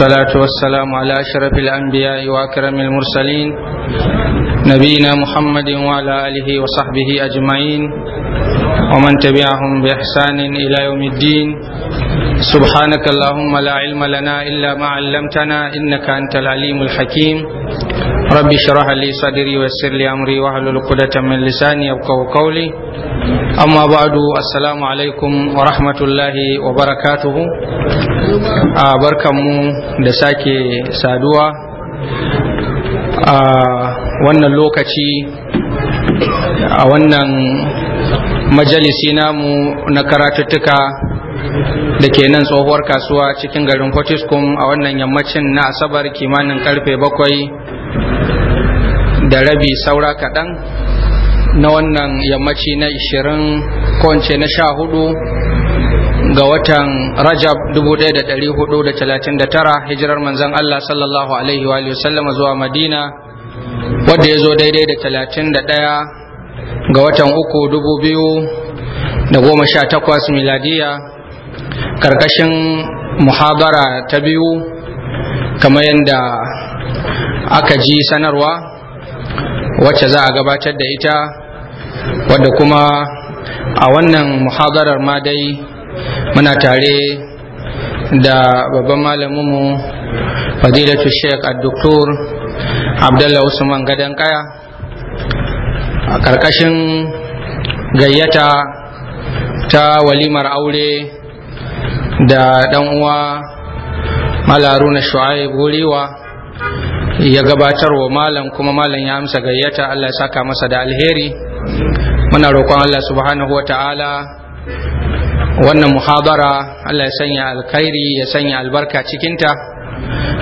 والصلاة والسلام على أشرف الأنبياء وأكرم المرسلين نبينا محمد وعلى آله وصحبه أجمعين ومن تبعهم بإحسان إلى يوم الدين سبحانك اللهم لا علم لنا إلا ما علمتنا إنك أنت العليم الحكيم رب اشرح لي صدري ويسر لي امري واحلل عقدة من لساني يفقهوا قولي اما بعد السلام عليكم ورحمة الله وبركاته barkanmu da sake saduwa a wannan lokaci a wannan majalisi namu na karatuttuka da ke nan tsohuwar kasuwa cikin garin Potiskum, a wannan yammacin na asabar kimanin karfe bakwai da rabi saura kaɗan na wannan yammaci na 20 ko na sha hudu ga watan rajab 1439 hijirar manzan Allah sallallahu alaihi wa sallama zuwa madina wadda ya zo daidai da 31 ga watan uku 2018 miladiya karkashin muhabara ta biyu kamar yadda aka ji sanarwa wacce za a gabatar da ita wadda kuma a wannan muhadarar ma dai muna tare da babban malaminmu fadilatu sheik a doktor abdullahi usman gadon kaya a ƙarƙashin gayyata ta walimar aure da ɗan uwa na shu'ai buriwa ya gabatar wa malam kuma malam ya amsa gayyata Allah ya saka masa da alheri muna roƙon Allah subhanahu wa ta'ala wannan muhabara Allah ya sanya alkhairi ya sanya albarka cikinta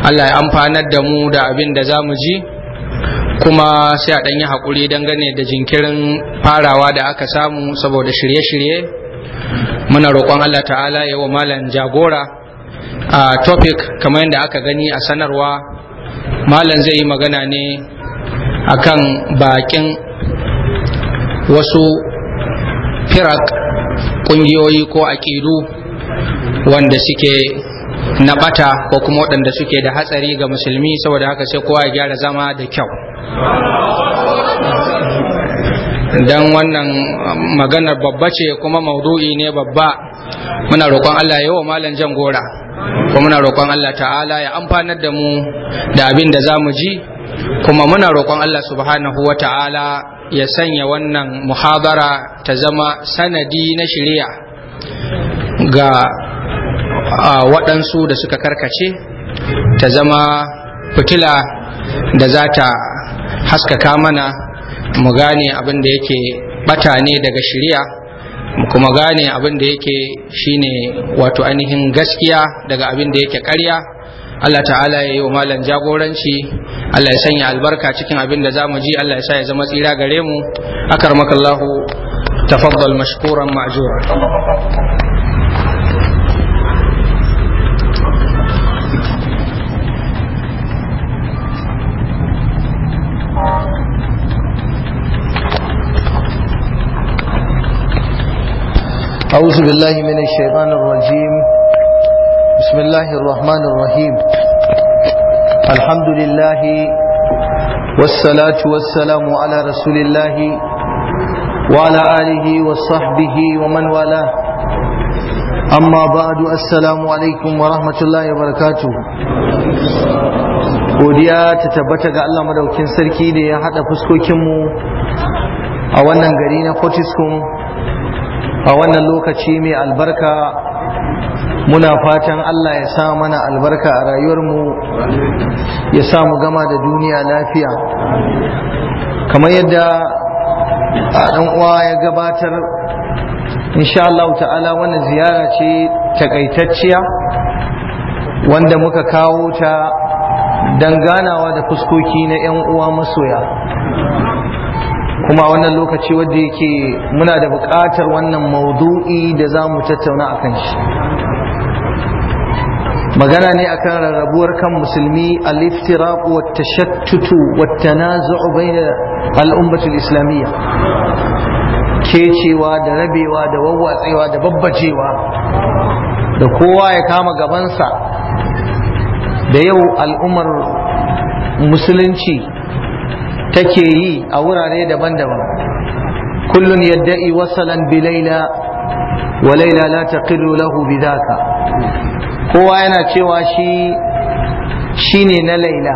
Allah ya amfanar da mu da abin da za ji kuma sai a ɗanyi haƙuri dangane da jinkirin farawa da aka samu saboda shirye-shirye muna roƙon Allah ta'ala ya wa malam jagora a topic kamar yadda aka gani a sanarwa malam zai yi magana ne akan bakin wasu firak kungiyoyi ko aƙidu wanda suke na bata ko kuma waɗanda suke da hatsari ga musulmi saboda haka sai kowa ya gyara zama da kyau don wannan maganar babba ce kuma maudu'i ne babba muna roƙon Allah yawa malam jan gora kuma muna roƙon Allah ta'ala ya amfanar da mu da abin da za mu ji kuma muna roƙon Allah subhanahu wa ta'ala ya sanya wannan muhabara ta zama sanadi na shirya ga waɗansu da suka karkace ta zama fitila da za ta haskaka mana mu gane abin da yake bata ne daga shirya kuma gane abin da yake shine wato ainihin gaskiya daga abin da yake karya Allah ta'ala ya yi wa malam jagoranci Allah ya sanya albarka cikin abin da za mu ji Allah ya sa ya zama tsira gare mu akarmakallahu tafaddal mashkuran ma'jura أعوذ بالله من الشيطان الرجيم بسم الله الرحمن الرحيم الحمد لله والصلاة والسلام على رسول الله وعلى آله وصحبه ومن والاه أما بعد السلام عليكم ورحمة الله وبركاته godiya ta tabbata ga Allah madaukin sarki da ya hada fuskokinmu a wannan gari na Fortiscum a wannan lokaci mai albarka muna fatan Allah ya sa mana albarka a rayuwarmu ya sa mu gama da duniya lafiya kamar yadda a ɗan uwa ya gabatar insha Allah ta'ala wannan ziyara ce takaitacciya wanda muka kawo ta don ganawa da fuskoki na 'yan uwa masoya kuma wannan lokaci wadda yake muna da buƙatar wannan maudu'i da za mu tattauna a kan shi magana ne akan rarrabuwar kan musulmi al wata wa wata na tanazu'u bayna da islamiyya kecewa da rabewa da wawwatsewa da babbacewa da kowa ya kama gabansa da yau al'ummar musulunci take yi a wurare daban-daban kullun yadda'i wasalan bi laila wa laila la taqirru lahu zaka kowa yana cewa shi shine na laila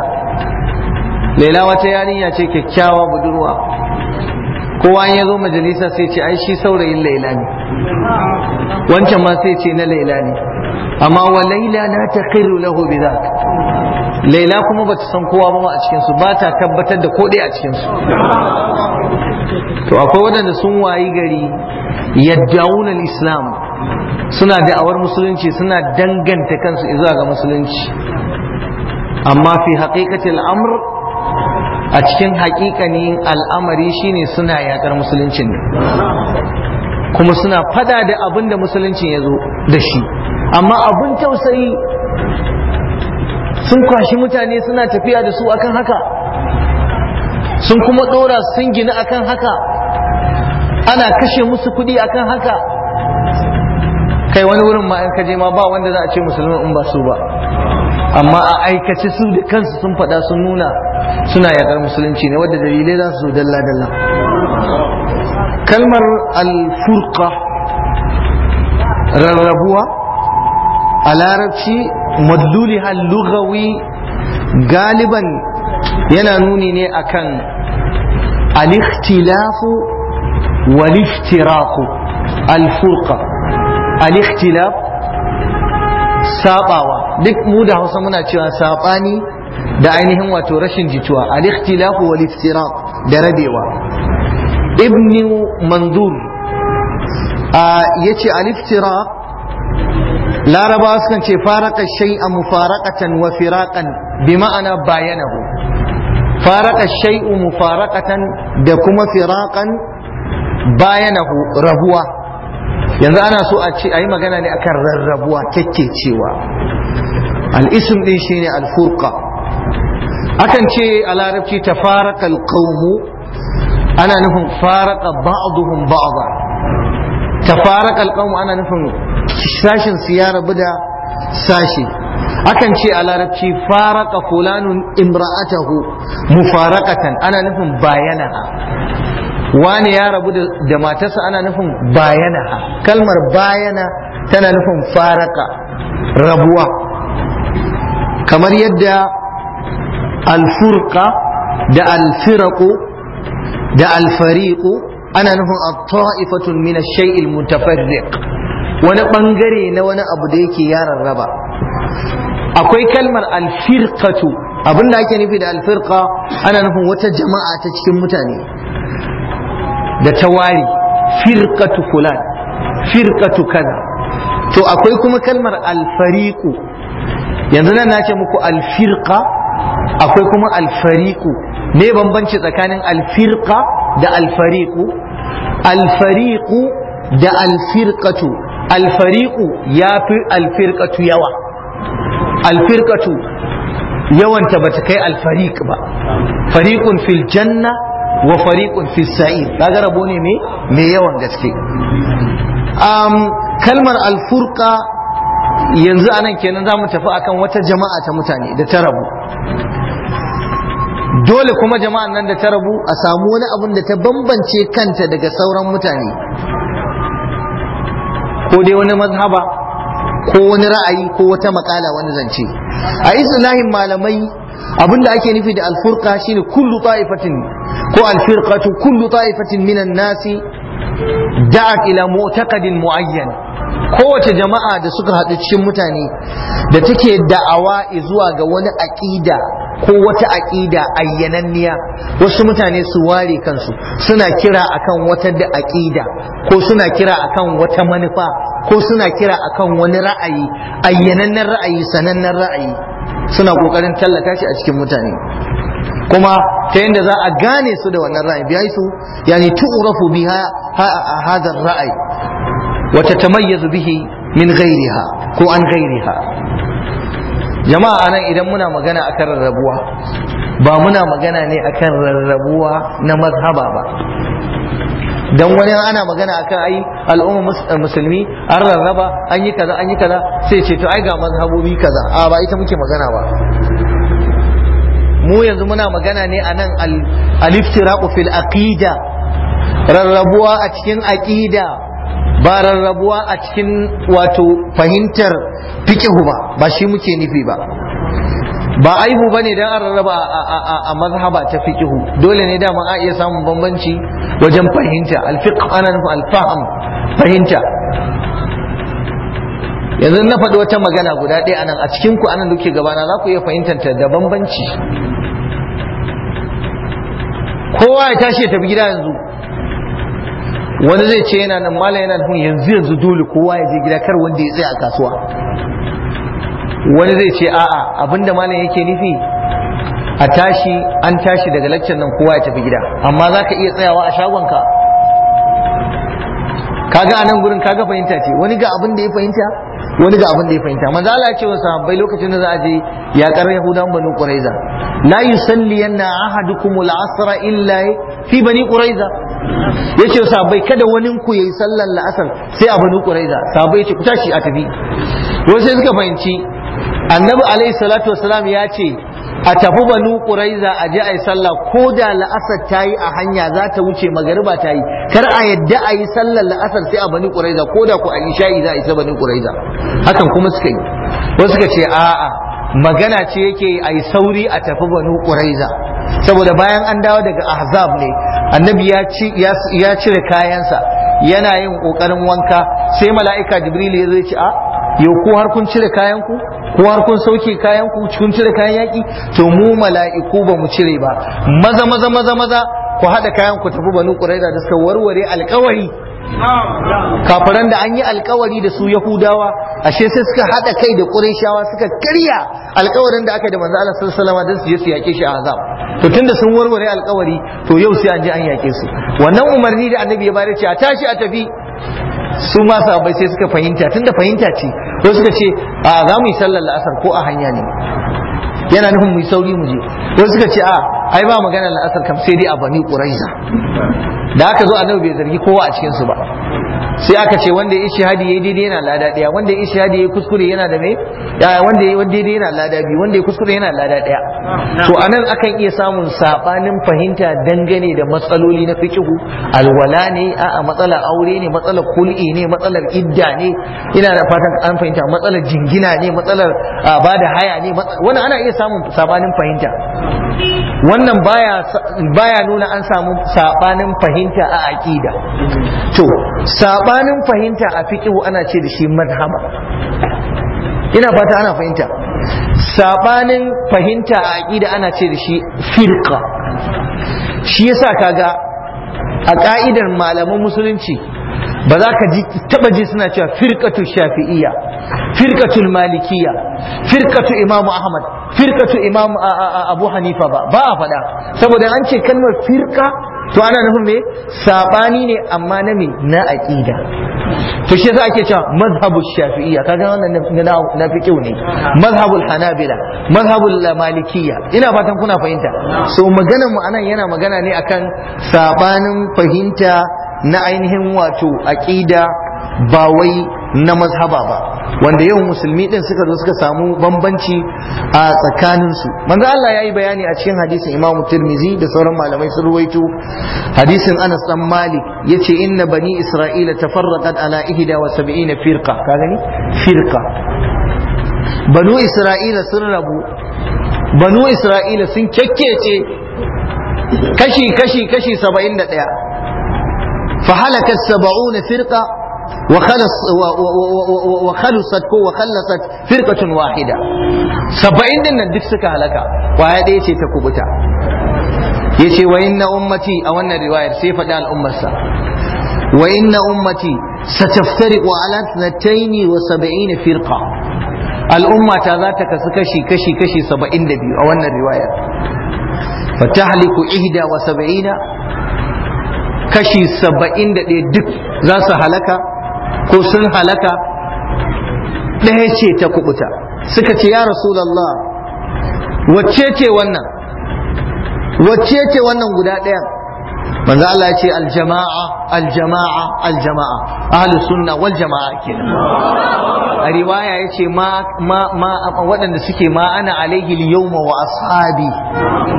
laila wata yarinya ce kyakkyawa budurwa kowa ya zo majalisa sai ce ai shi saurayin laila ne wancan ma sai ce na laila ne amma wa laila la taqirru lahu zaka laila kuma ba ta san kowa ba a cikin ba ta tabbatar da ko a cikinsu. to akwai waɗanda sun wayi gari yadda'un islam suna da'awar musulunci suna danganta kansu izuwa ga musulunci amma fi haqiqatil al'amur a cikin haƙiƙanin al'amari shine suna yaƙar musuluncin kuma suna fada da abin da musuluncin ya zo da shi amma abin tausayi sun kwashi mutane suna tafiya da su akan haka sun kuma ɗora sun gina akan haka ana kashe musu kuɗi akan haka kai wani wurin ma ka je ma ba wanda za a ce musulman in ba su ba amma a aikace su da kansu sun faɗa sun nuna suna yaƙar musulunci ne wadda dalilai za su dalla dalla kalmar alfurka rarrabuwa a larabci madluliha lughawi galiban yana nuni ne akan al-ikhtilafu wal iftiraqu duk mu da Hausa muna cewa saɓani da ainihin wato rashin jituwa al-ikhtilafu wal iftiraq da rabewa ibn mandur yace al-iftiraq laraba sukan ce faraka shay'a mufaraqatan wa firaƙan bi ma'ana bayanahu faraka shay'u mufaraqatan da kuma firaƙan bayanahu rabuwa yanzu ana so a ce yi magana ne akan rarrabuwa kekkecewa al ɗin din shine al-furqa akan ce a larabci tafaraka al-qawmu ana nufin faraka ba'dhum ba'dha tafaraka al-qawmu ana nufin sashin su ya rabu da sashi akan ce a larabci faraka fulanun imra'atahu mufarakatan ana nufin bayana wani ya rabu da matarsa ana nufin bayana kalmar bayana tana nufin faraka rabuwa kamar yadda alfurka da alfiraku da alfariku ana nufin at-ta'ifatun min ash mutafarriq wani ɓangare na wani abu da yake yaran raba akwai kalmar alfirkatu abin da ake nufi da alfirka ana nufin wata jama'a ta cikin mutane da tawari firkatu fulan firƙatu kaza to akwai kuma kalmar alfariƙu yanzu nan na ce muku alfirƙa akwai kuma alfariƙu ne bambanci tsakanin alfirƙa da alfariku. Alfariku da alfirƙatu. alfariƙu ya fi alfirƙatu yawa Alfirqatu yawanta ba ta kai alfariƙ ba fariƙun fil janna wa fariƙun fil sa'ir ga rabo ne mai yawan gaske kalmar alfurka yanzu anan kenan za mu tafi akan wata jama'a ta mutane da ta rabu dole kuma jama'an nan da ta rabu a samu wani abin da ta bambance kanta daga sauran mutane ko dai wani mazhaba ko wani ra'ayi ko wata makala wani zance a islahin malamai abinda ake nufi da alfurka, shine kullu ta'ifatin ko alfirqatu kullu ta'ifatin minan nasi da'at ila mu'taqadin mu'ayyan kowace jama'a da suka haɗu cikin mutane da take da'awa zuwa ga wani aƙida ko wata aƙida ayyananniya wasu mutane su ware kansu suna kira akan wata da aƙida ko suna kira akan wata manufa ko suna kira akan wani ra'ayi ayyanannen ra'ayi sanannen ra'ayi suna ƙoƙarin tallata shi a cikin mutane kuma ta yadda za a gane su da wannan ra'ayi biya su yani tu'rafu biha hadha ra'ayi وتتميز به من غيرها كو عن غيرها جماعة أنا إذا منا مغانا أكر الربوة با منا مغانا ني أكر الربوة نمذهبا با dan wani ana magana akan al'umma musulmi an rarraba an yi kaza an yi kaza sai ce to ai ga mazhabobi kaza a'a ba ita muke magana ba mu yanzu muna magana ne anan al-iftiraqu fil aqida rarrabuwa a cikin aqida ba rarrabuwa a cikin wato fahimtar fikihu ba ba shi muke nufi ba ba aibu ba ne don a rarraba a mazhaba ta fikihu dole ne dama a iya samun bambanci wajen fahimta alfiqh ana nufin alfaham fahimta yanzu na faɗi wata magana guda ɗaya anan a cikin ku anan duke gabana za ku iya fahimtar ta da bambanci kowa ya tashi ya tafi gida yanzu wani zai ce yana nan mala yana nufin yanzu yanzu dole kowa ya je gida kar wanda ya tsaya a kasuwa wani zai ce a'a abinda malam yake nufi a tashi an tashi daga laccan nan kowa ya tafi gida amma za ka iya tsayawa a shagonka kaga a nan gurin kaga fahimta ce wani ga abin da ya fahimta wani ga abin da ya fahimta manzo Allah ya ce wa sahabbai lokacin da za a je ya kar yahudan banu quraiza la yusalli yanna ahadukum al-asra illa fi bani quraiza ya ce sabai kada wani ku yayi sallar la'asar sai a banu quraiza sabai ya ce ku tashi a tafi wasu sai suka fahimci annabi alaihi salatu wasalam ya ce a tafi banu ƙuraiza a je ayi sallah ko da la'asar ta yi a hanya za ta wuce magariba ta yi kar a yadda a yi sallar la'asar sai a banu quraiza ko da ku a isha'i za a isa banu hakan kuma suka yi wasu suka ce a'a magana ce yake a yi sauri a tafi banu ƙuraiza saboda bayan an dawo daga ahzab ne annabi ya cire kayansa yana yin ƙoƙarin wanka sai mala'ika jibril ya zai ce a ah, yau ko har kun cire kayanku ko har kun sauke kayanku kun cire kayan yaƙi to mu mala'iku ba mu cire ba maza maza maza maza ku haɗa kayanku tafi banu ƙuraiza da suka warware alƙawari kafiran da an yi alƙawari da su yahudawa ashe sai suka haɗa kai da shawa suka karya alƙawarin da aka yi da manzo Allah sallallahu alaihi wasallam su yake shi a azab to tunda sun warware alƙawari to yau sai an je an yake su wannan umarni da annabi ya bare ce a tashi a tafi su ma sahabbai sai suka fahimta tunda fahimta ce wasu suka ce a za mu yi sallar la'asar ko a hanya ne yana nufin mu yi sauri mu je wasu suka ce a ai ba magana la'asar kam sai dai a bani ƙuraiza da aka zo annabi bai zargi kowa a cikin su ba sai aka ce wanda ya shahadi yayi daidai yana lada daya wanda ya shahadi yayi kuskure yana da me wanda yayi daidai yana lada biyu wanda ya kuskure yana lada daya to anan akan iya samun sabanin fahimta dangane da matsaloli na fiqhu alwala ne a matsalar aure ne matsalar kul'i ne matsalar idda ne ina da fatan an fahimta matsalar jingina ne matsalar ah, bada haya ne wani ana iya samun sabanin fahimta wannan baya nuna an samu sabanin fahimta a aƙida. to sabanin fahimta a fiqh ana ce da shi madhhab ina fata ana fahimta sabanin fahimta a aƙida ana ce da shi firka shi yasa kaga a ka'idar malaman musulunci ba za ka taba ji suna cewa firkatu shafi'iyya firkatul malikiya firkatu imamu ahmad Firkatu imam abu hanifa ba ba a faɗa saboda an ce kalmar firka to ana nufin me sabani ne amma na me na aqida to shi yasa ake cewa mazhabu shafi'iyya kaga wannan na kyau ne mazhabul hanabila mazhabul malikiyya ina fatan kuna fahimta so maganar mu anan yana magana ne akan sabanin fahimta na ainihin wato aƙida, ba wai na mazhaba ba wanda yau musulmi din suka zo suka samu bambanci a tsakaninsu manzo Allah yayi bayani a cikin hadisin Imam Tirmizi da sauran malamai sun ruwaito hadisin Anas dan Malik yace inna bani Isra'ila tafarraqat ala 71 firqa ka gani firqa banu Isra'ila sun rabu banu Isra'ila sun kekkece kashi kashi kashi 71 fa halaka 70 firqa wa khalusat ko wa khallasat firqatun wahida saba'in din nan duk suka halaka kwaya ɗaya ce ta kubuta yace wa inna a wannan riwayar sai faɗi al'ummarsa wa inna ta sataftariqu ala 72 firqa al'umma ta za ta kasu kashi kashi kashi 72 a wannan riwayar kashi duk za su halaka ko sun halaka ɗaya ce ta kubuta suka ce ya rasulallah wacce ce wannan wacce ce wannan guda ɗayan manzo Allah ya ce aljama'a aljama'a aljama'a ahli sunna wal jama'a kenan a riwaya ya ce ma ma waɗanda suke ma ana alaihi yawma wa ashabi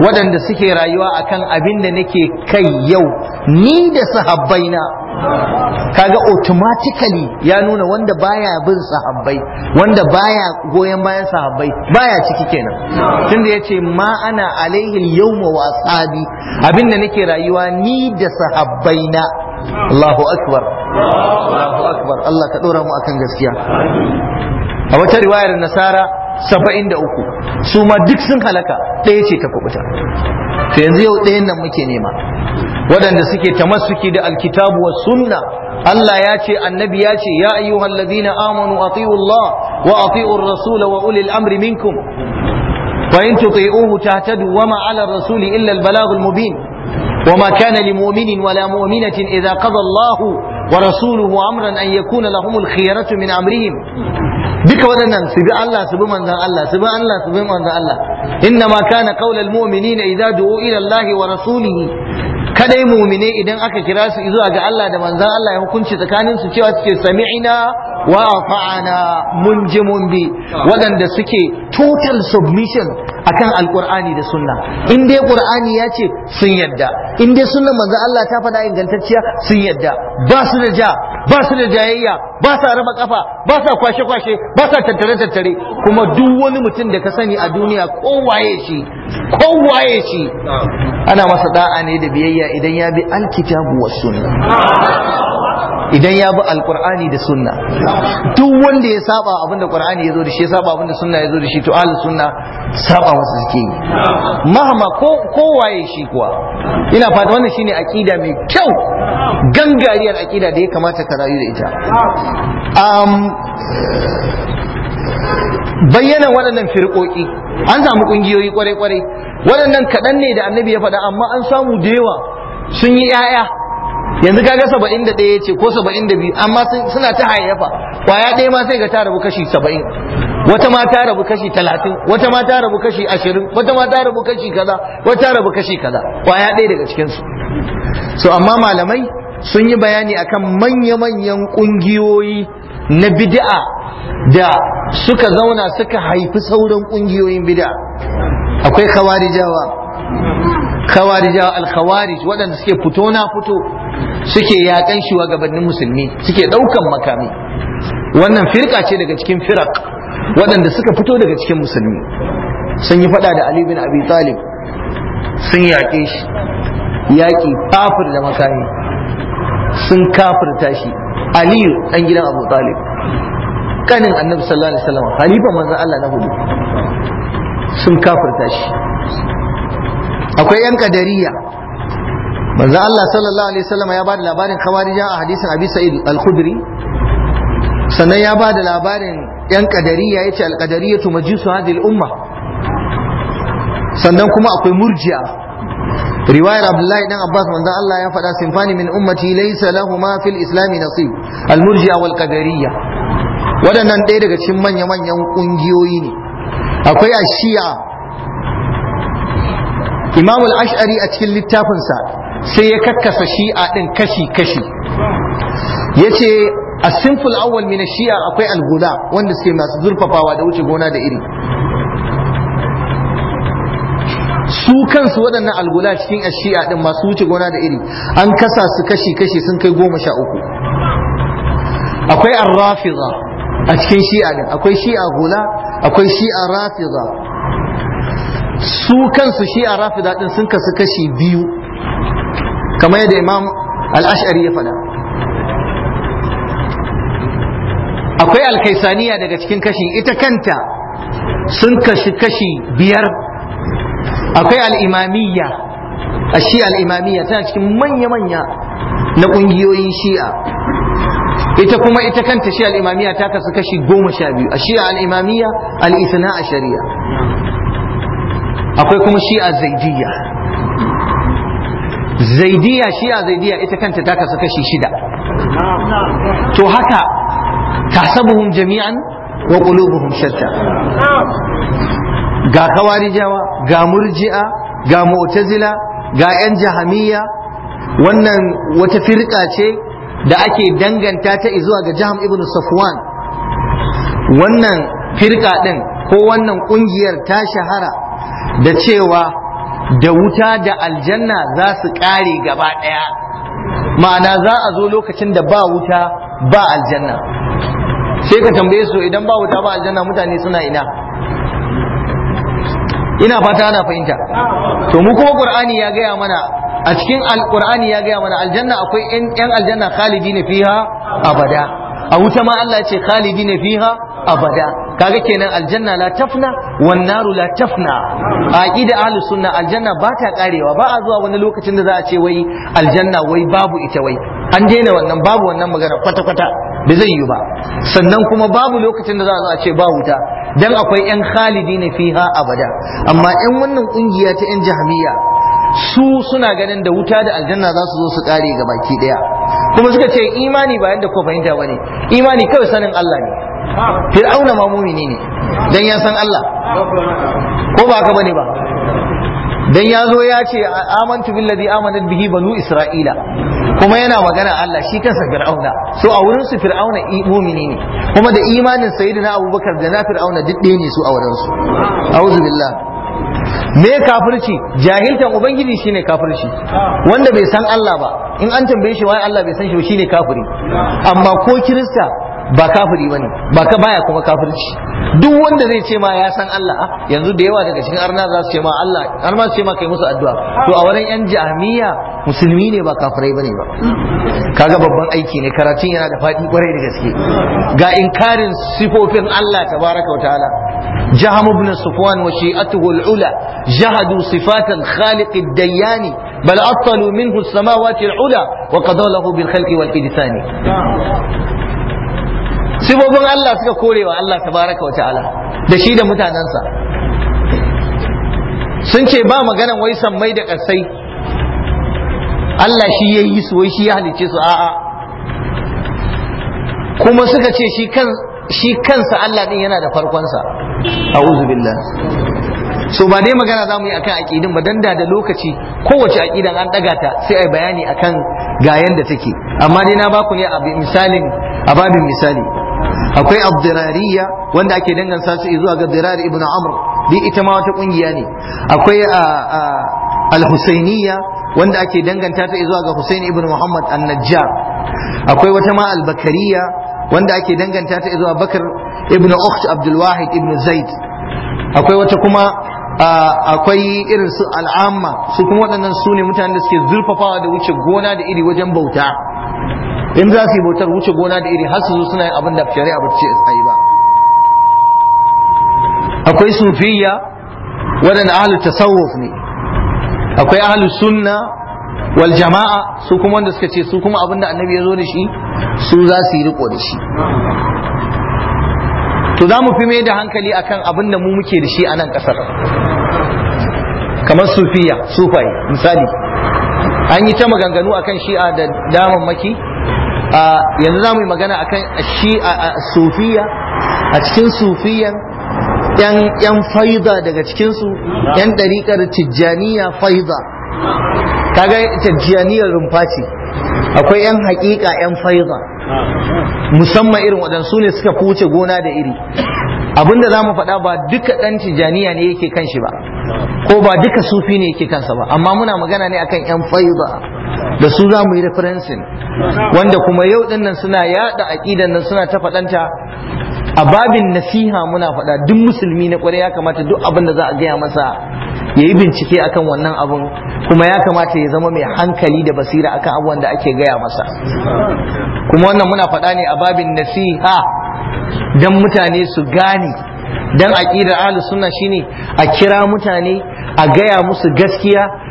waɗanda suke rayuwa akan abin da nake kai yau ni da sahabbaina kaga automatically ya nuna wanda baya bin sahabbai wanda baya goyon bayan sahabbai baya ciki kenan tunda yace ma ana alaihi yawma wa ashabi abinda nake rayuwa ni da na Allahu akbar Allahu akbar Allah ka dora mu akan gaskiya a wata riwayar nasara saba'in da uku su ma duk sun halaka ɗaya ce ta kubuta to yanzu yau ɗayan nan muke nema waɗanda suke ta masuki da alkitabu wa sunna Allah ya ce annabi ya ce ya ayyuhal ladina amanu atiu Allah wa atiu rasul wa ulil amri minkum fa in tuti'uhu tahtadu wa ma 'ala ar-rasuli illa al-balaghul mubin وما كان لمؤمن ولا مؤمنة إذا قضى الله ورسوله أمرا أن يكون لهم الخيرة من أمرهم duka waɗannan su bi Allah su bi manzan Allah su bi Allah su bi manzan Allah inna ma kana qaulal mu'minina idza du'u ila wa kadai mumine idan aka kira su zuwa ga Allah da manzan Allah ya hukunci tsakanin su cewa suke sami'ina wa fa'ana mun ji mun bi waɗanda suke total submission akan alkur'ani da sunna in dai qur'ani ya ce sun yadda in dai sunnan manzo Allah ta faɗa ingantacciya sun yadda ba su da ja ba su da jayayya ba sa raba kafa ba sa kwashe kwashe ba sa tattare tattare kuma duk wani mutum da ka sani a duniya kowaye shi kowaye shi ana masa da'a ne da biyayya idan ya bi alkitabu was sunna idan ya bi alkur'ani da sunna duk wanda ya saba abin da qur'ani yazo da shi ya saba abin da sunna yazo da shi to ahlus sunna saba wasu suke yi mahama ko waye shi kuwa ina fata wannan shine akida mai kyau gangariyar aƙida da ya kamata ka rayu da ita bayyana waɗannan firƙoƙi an samu ƙungiyoyi ƙwarai-ƙwarai waɗannan kaɗan ne da annabi ya faɗa amma an samu da yawa sun yi 'ya'ya yanzu kaga saba'in da ɗaya ce ko saba'in da biyu amma suna ta hayayyafa kwaya ɗaya ma sai ga ta rabu kashi saba'in wata ma ta rabu kashi talatin wata ma ta rabu kashi ashirin wata ma ta rabu kashi kaza wata ta rabu kashi kaza kwaya ɗaya daga cikinsu so amma malamai sun yi bayani akan manya-manyan ƙungiyoyi na bid'a da suka zauna suka haifi sauran ƙungiyoyin bid'a akwai khawarijawa khawarija al-khawarij waɗanda suke fito na fito suke yakan gabanin musulmi suke ɗaukan makami wannan firka ce daga cikin firak waɗanda suka fito daga cikin musulmi sun yi faɗa da Ali bin Abi Talib sun yaƙe shi yaƙi kafir da makami sun kafirta tashi. Ali ɗan gidan Abu Talib kanin annabi sallallahu alaihi wasallam halifa manzon Allah na hudu sun kafirta tashi. akwai yan kadariya manzo Allah sallallahu alaihi wasallam ya bada labarin khawarija a hadisin Abi Sa'id al-Khudri sannan ya bada labarin yan kadariya yace al-qadariyatu majusu hadhihi al-umma sannan kuma akwai murji'a riwayar Abdullahi dan Abbas manzo Allah ya faɗa sinfani min ummati laysa lahumu fil islam nasib al-murji'a wal qadariyya waɗannan ɗaya daga cikin manya-manyan ƙungiyoyi ne akwai ashiya Imamul ashari a cikin littafinsa sai ya kakkasa shi'a ɗin kashi kashi ce a simple awwal mina shi'a akwai al'guda wanda suke masu zurfafawa da wuce gona da iri su kansu waɗannan al'guda cikin shi'a ɗin masu wuce gona da iri an kasa su kashi kashi sun kai goma sha uku akwai arrafiza a cikin shi'a ɗin akwai shi'a gula akwai shi'a rafiza su kansu shi a rafi daɗin sun kasu kashi biyu kamar yadda imam al'ashari ya faɗa akwai alkaisaniya daga cikin kashi ita kanta sun kashi kashi biyar akwai al'imamiyya a shi al'imamiyya tana cikin manya-manya na ƙungiyoyin shi'a ita kuma ita kanta shi al'imamiyya ta kasu kashi goma sha biyu a shi al'imamiyya al'isana a shari'a akwai kuma shi'a Zaidiya, zaidiyya shi'a zaidiyya ita kanta ta kasu kashi shida to haka tahsabuhum jami'an wa qulubuhum shatta ga jawa, ga murji'a ga mu'tazila ga yan jahamiya, wannan wata firka ce da ake danganta ta zuwa ga jaham ibn safwan wannan firka din ko wannan kungiyar ta shahara da cewa da wuta da aljanna za su ƙare gaba ɗaya ma'ana za a zo lokacin da ba wuta ba aljanna sai ka tambaye su idan ba wuta ba aljanna mutane suna ina ina fata ana fahimta to mu kuma qur'ani ya gaya mana a cikin alqur'ani ya gaya mana aljanna akwai yan aljanna ne fiha abada a wuta ma Allah ya ce ne fiha abada kaga kenan aljanna la tafna wan naru la tafna aqida ahli sunna aljanna ba ta karewa ba a zuwa wani lokacin da za a ce wai aljanna wai babu ita wai an daina wannan babu wannan magana kwata kwata da zai yi ba sannan kuma babu lokacin da za a zo a ce ba wuta dan akwai yan khalidi ne fiha abada amma yan wannan kungiya ta yan jahmiya su suna ganin da wuta da aljanna za su zo su kare ga baki daya kuma suka ce imani ba yanda ko fahimta bane imani kawai sanin Allah ne fir'auna ma mumini ne dan ya san Allah ko ba ka bane ba dan ya zo ya ce amantu billazi amanat bihi banu isra'ila kuma yana magana Allah shi kansa fir'auna so a wurin su fir'auna mumini ne kuma da imanin sayyidina abubakar da na fir'auna duk ɗaya ne su a wurin su a'udhu billah me kafirci jahiltan ubangiji shine kafirci wanda bai san Allah ba in an tambaye shi wai Allah bai san shi shine kafiri amma ko kirista ba kafiri bane ba ka baya kuma kafirci duk wanda zai ce ma ya san Allah ah, yanzu da yawa daga cikin arna za su ce ma Allah har ma su ce ma kai musu addu'a to a wurin yan jami'a musulmi ne ba kafirai bane ba kaga babban aiki ne karatun yana da faɗi kwarai da gaske ga inkarin sifofin Allah tabaraka wa ta'ala جهم بن صفوان وشيئته العلى جهدوا صفات الخالق الديان بل عطلوا منه السماوات العلى وقضى له بالخلق والإجسان sifofin Allah suka korewa Allah tabaraka Ala" da shi da mutanensa sun ce ba maganan wai mai da ƙasai Allah shi ya yi su wai shi ya halicce su a'a kuma suka ce shi kansa Allah din yana da farkonsa a'udhu billah so ba dai magana za mu yi akan aƙidin ba Danda da lokaci kowace aƙidan an ɗaga ta sai ai bayani akan ga da take amma dai na baku ne a misalin a babin misali akwai abdirariya wanda ake danganta su zuwa ga dirar ibn amr bi ita ma wata kungiya ne akwai al-husainiyya wanda ake danganta ta zuwa ga husaini ibn muhammad an-najjar akwai wata ma al-bakariya wanda ake danganta ta zuwa bakar ibn ukht abdul wahid ibn zaid akwai wata kuma akwai irin su al'amma su kuma waɗannan su ne mutanen da suke zurfafawa da wuce gona da iri wajen bauta in za su yi bautar wuce gona da iri har su zo suna yin abin da shari'a ba ce a yi ba akwai sufiya waɗanda ta tasawuf ne akwai ahalu sunna wal jama'a su kuma wanda suka ce su kuma abin da annabi ya zo da shi su za su yi riko da shi to za mu fi mai da hankali akan abin da mu muke da shi a nan ƙasar kamar sufiya sufai misali an yi ta maganganu akan shi'a da damammaki yanzu za mu yi magana a kan a sufiya a cikin sufiyan yan faida daga cikinsu yan ɗariƙar tijjaniya faida kaga tijjaniyar rumfa ce akwai yan haƙiƙa yan faiza musamman irin waɗansu ne suka kuce gona da iri abinda za mu faɗa ba duka ɗan tijjaniya ne yake kan shi ba ko ba duka sufi ne yake kansa ba amma muna magana ne akan yan faida da su za mu yi referensin wanda kuma yau nan suna yada aqidan nan suna ta faɗanta a babin nasiha muna faɗa duk musulmi na kwarai ya kamata duk abin da za a gaya masa ya yi bincike akan wannan abun. kuma ya kamata ya zama mai hankali da basira akan abubuwan da ake gaya masa kuma wannan muna faɗa ne a babin nasiha don mutane su gane don aƙidar ahlus sunna shine a kira mutane a gaya musu gaskiya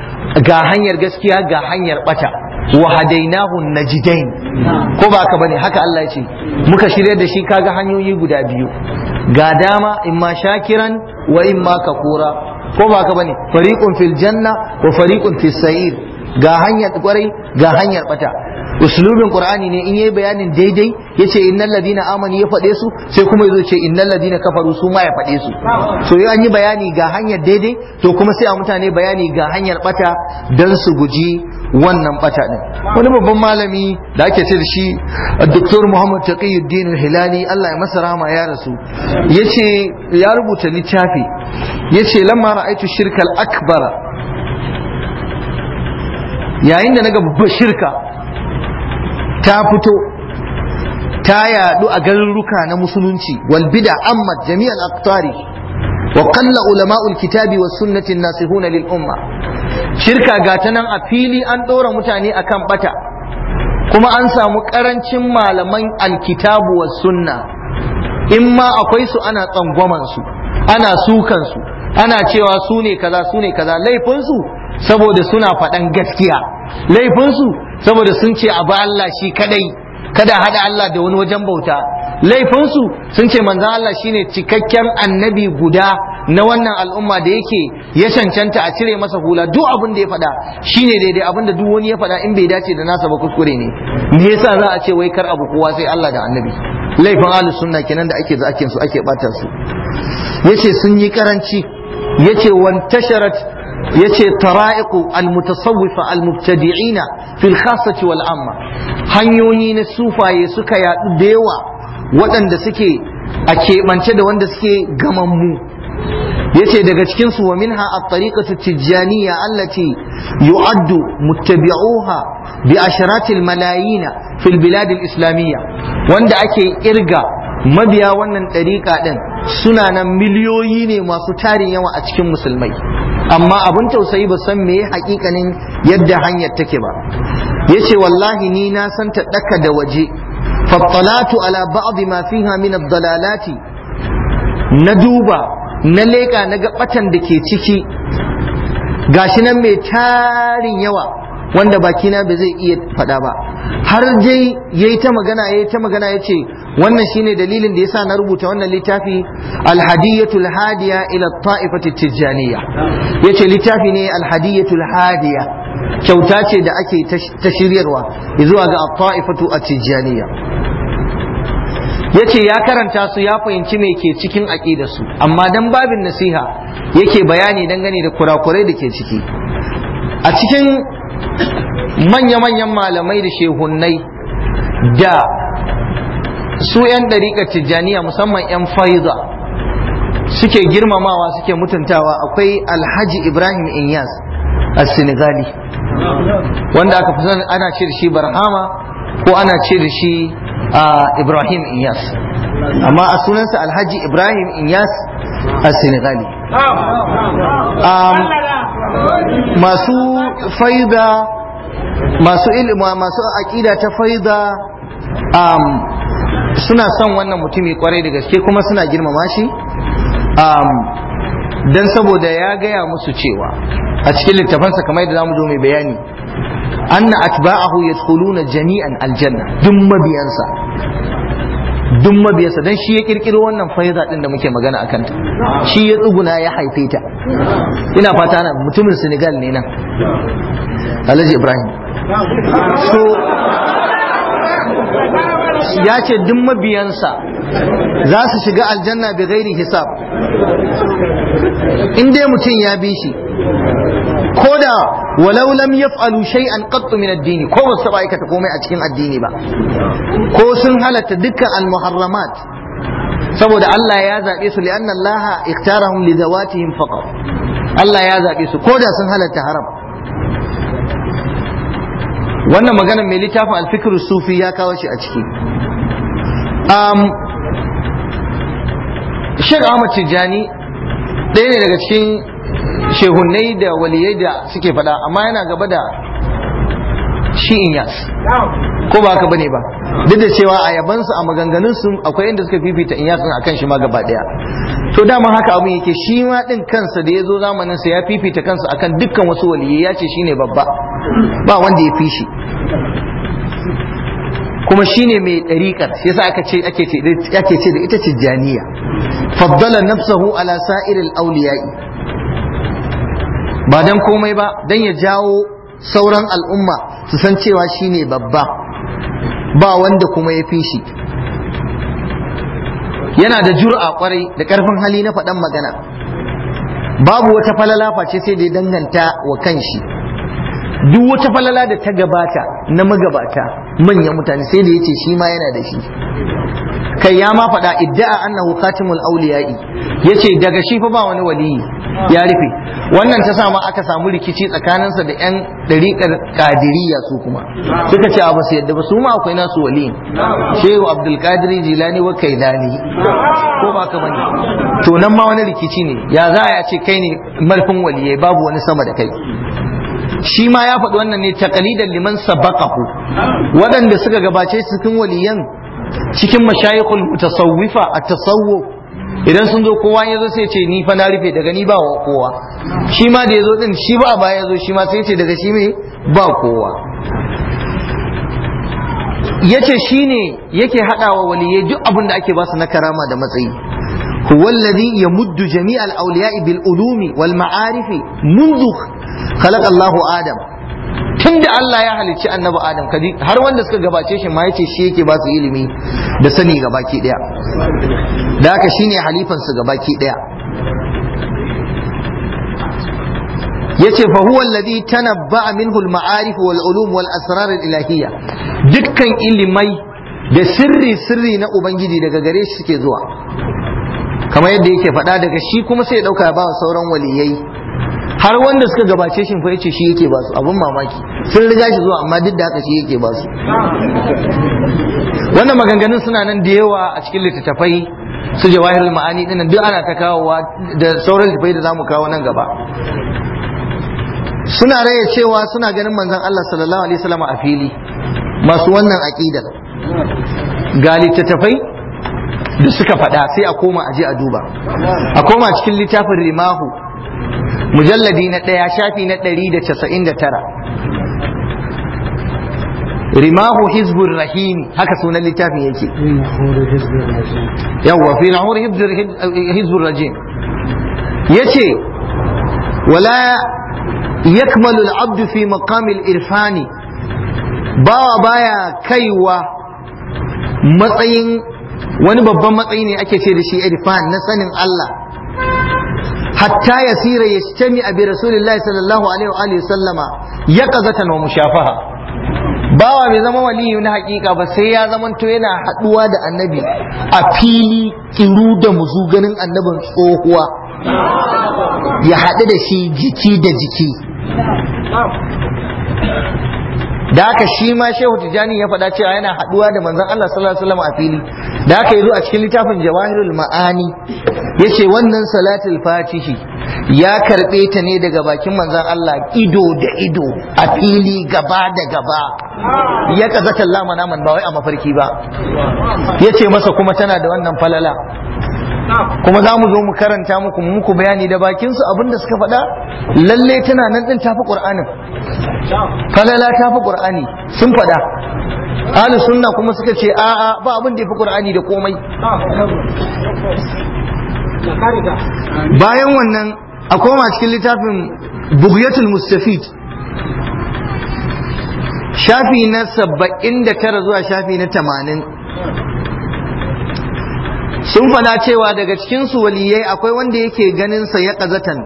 ga hanyar gaskiya ga hanyar bata wa hadainahu najidain ko ba ka bane haka Allah ya ce muka shirya da shi kaga hanyoyi guda biyu ga dama imma shakiran wa imma kafura ko ba ka bane fariqun fil janna wa fariqun fis sa'ir ga hanyar kwarai ga hanyar bata uslubin qur'ani ne in yayi bayanin daidai yace innal ladina amanu ya fade su sai kuma yazo ce innal ladina kafaru su ma ya fade su so yau an yi bayani ga hanyar daidai to kuma sai a mutane bayani ga hanyar bata dan su guji wannan bata din wani babban malami da ake ce da shi Dr. Muhammad Taqiyuddin Hilali Allah ya masa rahama ya rasu yace ya rubuta littafi yace lamma ra'aitu shirkal akbara yayin da naga babbar shirka ta fito ta yadu a garuruka na musulunci wal bid'a amma jami'an aqtari wa qalla ulama'ul kitabi was sunnati nasihuna lil umma shirka gata nan a fili an dora mutane akan bata kuma an samu karancin malaman alkitabu was sunna in ma akwai su ana tsangwaman su ana sukan su ana cewa su ne kaza su ne kaza laifin su saboda suna faɗan gaskiya laifinsu saboda sun ce abu Allah shi kadai kada haɗa Allah da wani wajen bauta laifinsu sun ce manzan Allah shine cikakken annabi guda na wannan al'umma da yake ya cancanta a cire masa hula duk abin da ya faɗa Shi ne daidai abin da duk wani ya faɗa in bai dace da nasa ba kuskure ne me yasa za a ce wai kar abu kowa sai Allah da annabi laifin ahlus sunna kenan da ake zakin su ake bata su yace sun yi karanci yace wan tasharat yace tara'iqu almutasawwifa almubtadi'ina fil khassati wal amma hanyoyi na sufaye suka yadu da yawa waɗanda suke a keɓance da wanda suke gamammu yace daga cikin su wa minha at-tariqatu tijaniya allati yu'addu muttabi'uha bi asharatil malayina fil bilad al-islamiyya wanda ake irga mabiya wannan ɗariƙa ɗin suna nan miliyoyi ne masu tarin yawa a cikin musulmai amma abin tausayi ba san me hakikanin yadda hanyar take ba Ya ce wallahi ni na san ta ɗaka da waje fattalatu ala ba'd ma fiha min dalalati na duba na leƙa na ga batan da ke ciki gashi nan mai tarin yawa wanda bakina ba zai iya faɗa ba har dai ya yi ta magana ya yi ta magana ya ce wannan shine dalilin da ya sa na rubuta wannan littafi alhadiyatul hadiya ila ta'ifati tijjaniya ya ce littafi ne alhadiyatul hadiya kyauta ce da ake ta shiryarwa zuwa ga ta'ifatu a tijjaniya ya ce ya karanta su ya fahimci me ke cikin su amma dan babin nasiha yake bayani dangane da kurakurai da ke ciki a cikin manya-manyan malamai da shehunnai da su 'yan ɗariƙar tijjaniya musamman 'yan faiza suke girmamawa suke mutuntawa akwai alhaji ibrahim inyas a senegali wanda aka fi ana ce da shi barhama ko ana ce da shi ibrahim inyas amma a sunansa alhaji ibrahim inyas a senegali masu faida masu ilima masu aƙida ta faida um, suna son wannan mutumi kwarai da gaske kuma suna girmama shi um, don saboda ya gaya musu cewa a cikin littafansa kamar yadda zamu zo mai bayani anna atba'ahu yadkhuluna jami'an aljanna duk mabiyansa duk mabiyarsa don shi ya kirkiro wannan faiza ɗin da muke magana a kanta shi ya tsuguna ya haife ta ina fata na mutumin senegal ne nan alhaji ibrahim so ya ce duk mabiyansa za su shiga aljanna bi gairi hisab in dai mutum ya bi shi ko da walau lam yaf'alu shay'an qattu min ad-din ko ba su aikata komai a cikin addini ba ko sun halatta dukkan al-muharramat saboda Allah ya zabe su li'anna Allah ikhtarahum li zawatihim faqat Allah ya zabe su ko da sun halatta haram wannan maganar mai littafin al-fikr sufi ya kawo shi a ciki um, shek Ahmad Tijjani ɗaya ne daga cikin shehunai da waliyai da suke faɗa amma yana gaba da shi Inyas ko ba haka bane ba duk da cewa a yabansu a maganganunsu akwai inda suka fifita Inyas a akan shi ma gaba daya to dama haka abin yake shi ma din kansa da ya zo zamanin sa ya fifita kansa akan dukkan wasu waliyai ya ce shine babba ba wanda ya fi shi kuma shine mai ɗariƙar yasa aka ce ake ce ake ce da ita janiya faddala nafsahu ala sa'iril awliya'i ba dan komai ba dan ya jawo sauran al'umma su san cewa shine babba ba wanda kuma ya fi shi yana da jur'a kwarai da karfin hali na faɗan magana babu wata falala face sai da ya danganta wa kanshi duk wata falala da ta gabata na magabata manyan mutane sai da yace shi ma yana da shi kai ya ma faɗa idda'a annahu khatimul awliya'i yace daga shi fa ba wani waliyi ya rufe wannan ta sa ma aka samu rikici tsakaninsa da yan dariƙar qadiriyya su kuma suka ce ba su yadda ba su ma akwai nasu waliyin shehu abdul qadir jilani wa kailani ko ba ka bane to nan ma wani rikici ne ya za a ce kai ne marfin waliyai babu wani sama da kai shi ma ya faɗi wannan ne taqlidan liman sabaqahu waɗanda suka gabace su cikin waliyan cikin mashayikhul mutasawwifa a tasawwuf idan sun zo kowa ya zo sai ce ni fa na rufe daga ni ba wa kowa shi ma da ya zo din shi ba a baya ya zo shi ma sai ce daga shi me ba kowa Ya ce shi ne yake haɗawa waliye duk abin da ake ba su na karama da matsayi ya jami'ar الذي Ibil Ulumi wal بالعلوم mun منذ خلق Allahu Adam tunda Allah ya halicci annabi Adam kaji har wanda suka gabace shi ma yace shi yake ba su ilimi da sani ga baki daya da haka shine halifan su baki daya yace fa huwa alladhi tanabba'a minhu al-ma'arif wal ulum wal asrar al ilahiyya dukkan ilimai da sirri sirri na ubangiji daga gare shi suke zuwa kamar yadda yake faɗa daga shi kuma sai ya dauka ba sauran waliyai har wanda suka gabace shi fa shi yake ba su abin mamaki sun riga shi zuwa amma duk da haka shi yake ba su wannan maganganun suna nan da yawa a cikin littattafai su jawahirul ma'ani dinnan duk ana ta kawowa da sauran littattafai da mu kawo nan gaba suna raya cewa suna ganin manzon Allah sallallahu alaihi wasallam a fili masu wannan aqidar ga littattafai da suka faɗa sai a koma aje a duba a koma cikin littafin rimahu mujalladi na ɗaya shafi na ɗari da casa'in da tara rimahu hizbur rahim haka sunan littafin yake yawwa fi nahur hizbur rajim yace wala yakmalu abdu fi maqamil irfani bawa baya kaiwa matsayin wani babban matsayi ne ake ce da shi irfan na sanin Allah hatta ya yajtami bi rasulillahi sallallahu alaihi wa sallama yaqazatan wa mushafaha bawa bai zama waliyu na hakika ba sai ya zamanto yana haɗuwa da annabi a fili kiru da muzu ganin annabin tsohuwa ya haɗu da shi jiki da jiki da haka shi ma shehu tijani ya faɗa cewa yana haɗuwa da manzon Allah sallallahu alaihi wasallam a fili da haka yazo a cikin littafin jawahirul ma'ani yace wannan salatul fatihi ya karɓe ta ne daga bakin manzon Allah ido da ido a fili gaba da gaba ya kazata Allah manaman ba wai a mafarki ba yace masa kuma tana da wannan falala kuma za mu zo mu karanta muku muku bayani da bakinsu abinda suka faɗa lalle tana nan ɗin tafi ƙur'anin falala tafi ƙur'ani sun faɗa ahli sunna kuma suka ce a'a ba abin da ya fi ƙur'ani da komai bayan wannan a koma cikin littafin bughyatul mustafid shafi na saba'in da tara zuwa shafi na tamanin sun fada cewa daga cikin su waliyai akwai wanda yake ganin sa ya kazatan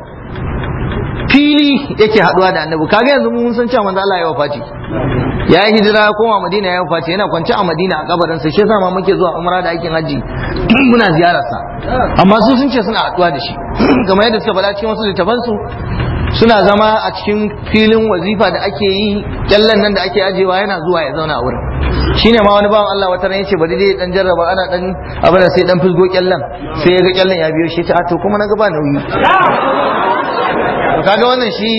fili yake haduwa da annabi kaga yanzu mun san cewa manzo Allah ya wafati ya yi hijira ya koma Madina ya wafati yana kwance a Madina a kabarin sa shi yasa ma muke zuwa umra da aikin haji muna ziyararsa. amma su sun ce suna haduwa da shi kamar yadda suka faɗa cikin wasu littafan suna zama a cikin filin wazifa da ake yi kyallan nan da ake ajiyewa yana zuwa ya zauna a wurin ne ma wani bawan Allah wata ran yace bari dai dan jarraba ana dan abin da sai dan fisgo kyallan sai ya ga kyallan ya biyo shi ta to kuma na ga ba nauyi kaga wannan shi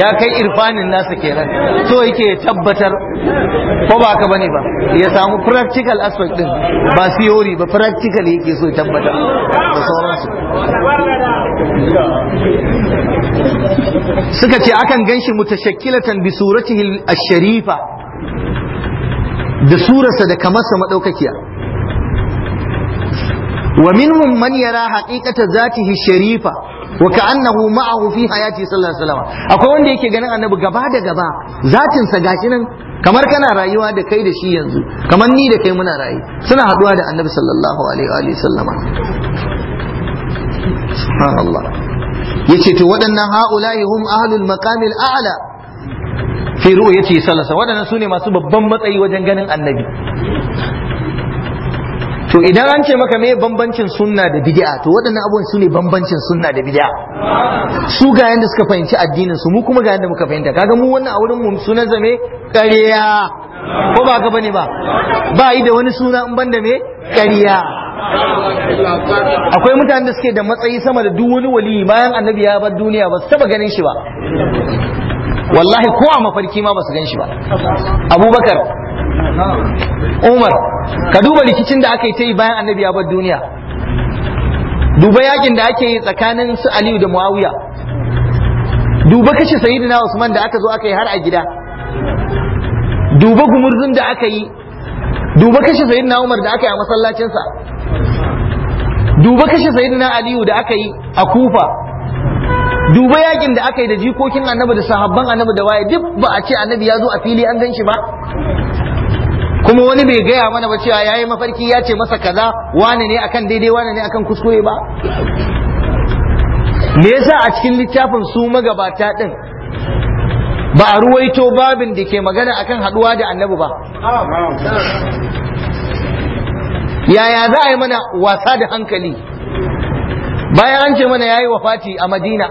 ya kai irfanin nasa kenan so yake tabbatar ko ba ka bane ba ya samu practical aspect din ba theory ba practical yake so ya tabbatar da sauransu suka ce akan ganshi mutashakkilatan bi suratihi ash-sharifa da surarsa da kamarsa madaukakiya wa minhum man yara haqiqata zatihi sharifa wa ka'annahu ma'ahu fi hayati sallallahu alaihi akwai wanda yake ganin annabi gaba da gaba zatin sa gashi kamar kana rayuwa da kai da shi yanzu kamar ni da kai muna rayu suna haduwa da annabi sallallahu alaihi wa sallama yace to waɗannan ha'ula'i hum ahlul maqamil a'la fi ru'yati sallallahu alaihi waɗannan sune masu babban matsayi wajen ganin annabi to idan an ce maka me bambancin sunna da bid'a to waɗannan abubuwan su ne bambancin sunna da bid'a su ga yanda suka fahimci addinin su mu kuma ga yanda muka fahimta kaga mu wannan a wurin mu sunan zame ƙarya ko ba ka bane ba ba yi da wani suna in banda me ƙarya akwai mutanen da suke da matsayi sama da duk wani wali bayan annabi ya bar duniya ba su taba ganin shi ba wallahi ko a mafarki ma ba su gan shi ba abubakar Umar ka duba rikicin da aka yi ta yi bayan annabi ya bar duniya duba yakin da ake yi tsakanin su Aliyu da Muawiya duba kashe sayyidina Usman da aka zo aka yi har a gida duba gumurzun da aka yi duba kashe sayyidina Umar da aka yi a masallacinsa duba kashe sayyidina Aliyu da aka yi a Kufa duba yakin da aka yi da jikokin annabi da sahabban annabi da waye duk ba a ce annabi ya zo a fili an gan shi ba kuma wani bai gaya mana ba cewa yayi mafarki ya ce masa kaza wani ne akan daidai wani ne akan kuskure ba me yasa a cikin littafin su magabata din ba a ruwaito babin da ke magana akan haduwa da annabi ba yaya za a yi mana wasa da hankali bayan an ce mana yayi wafati a madina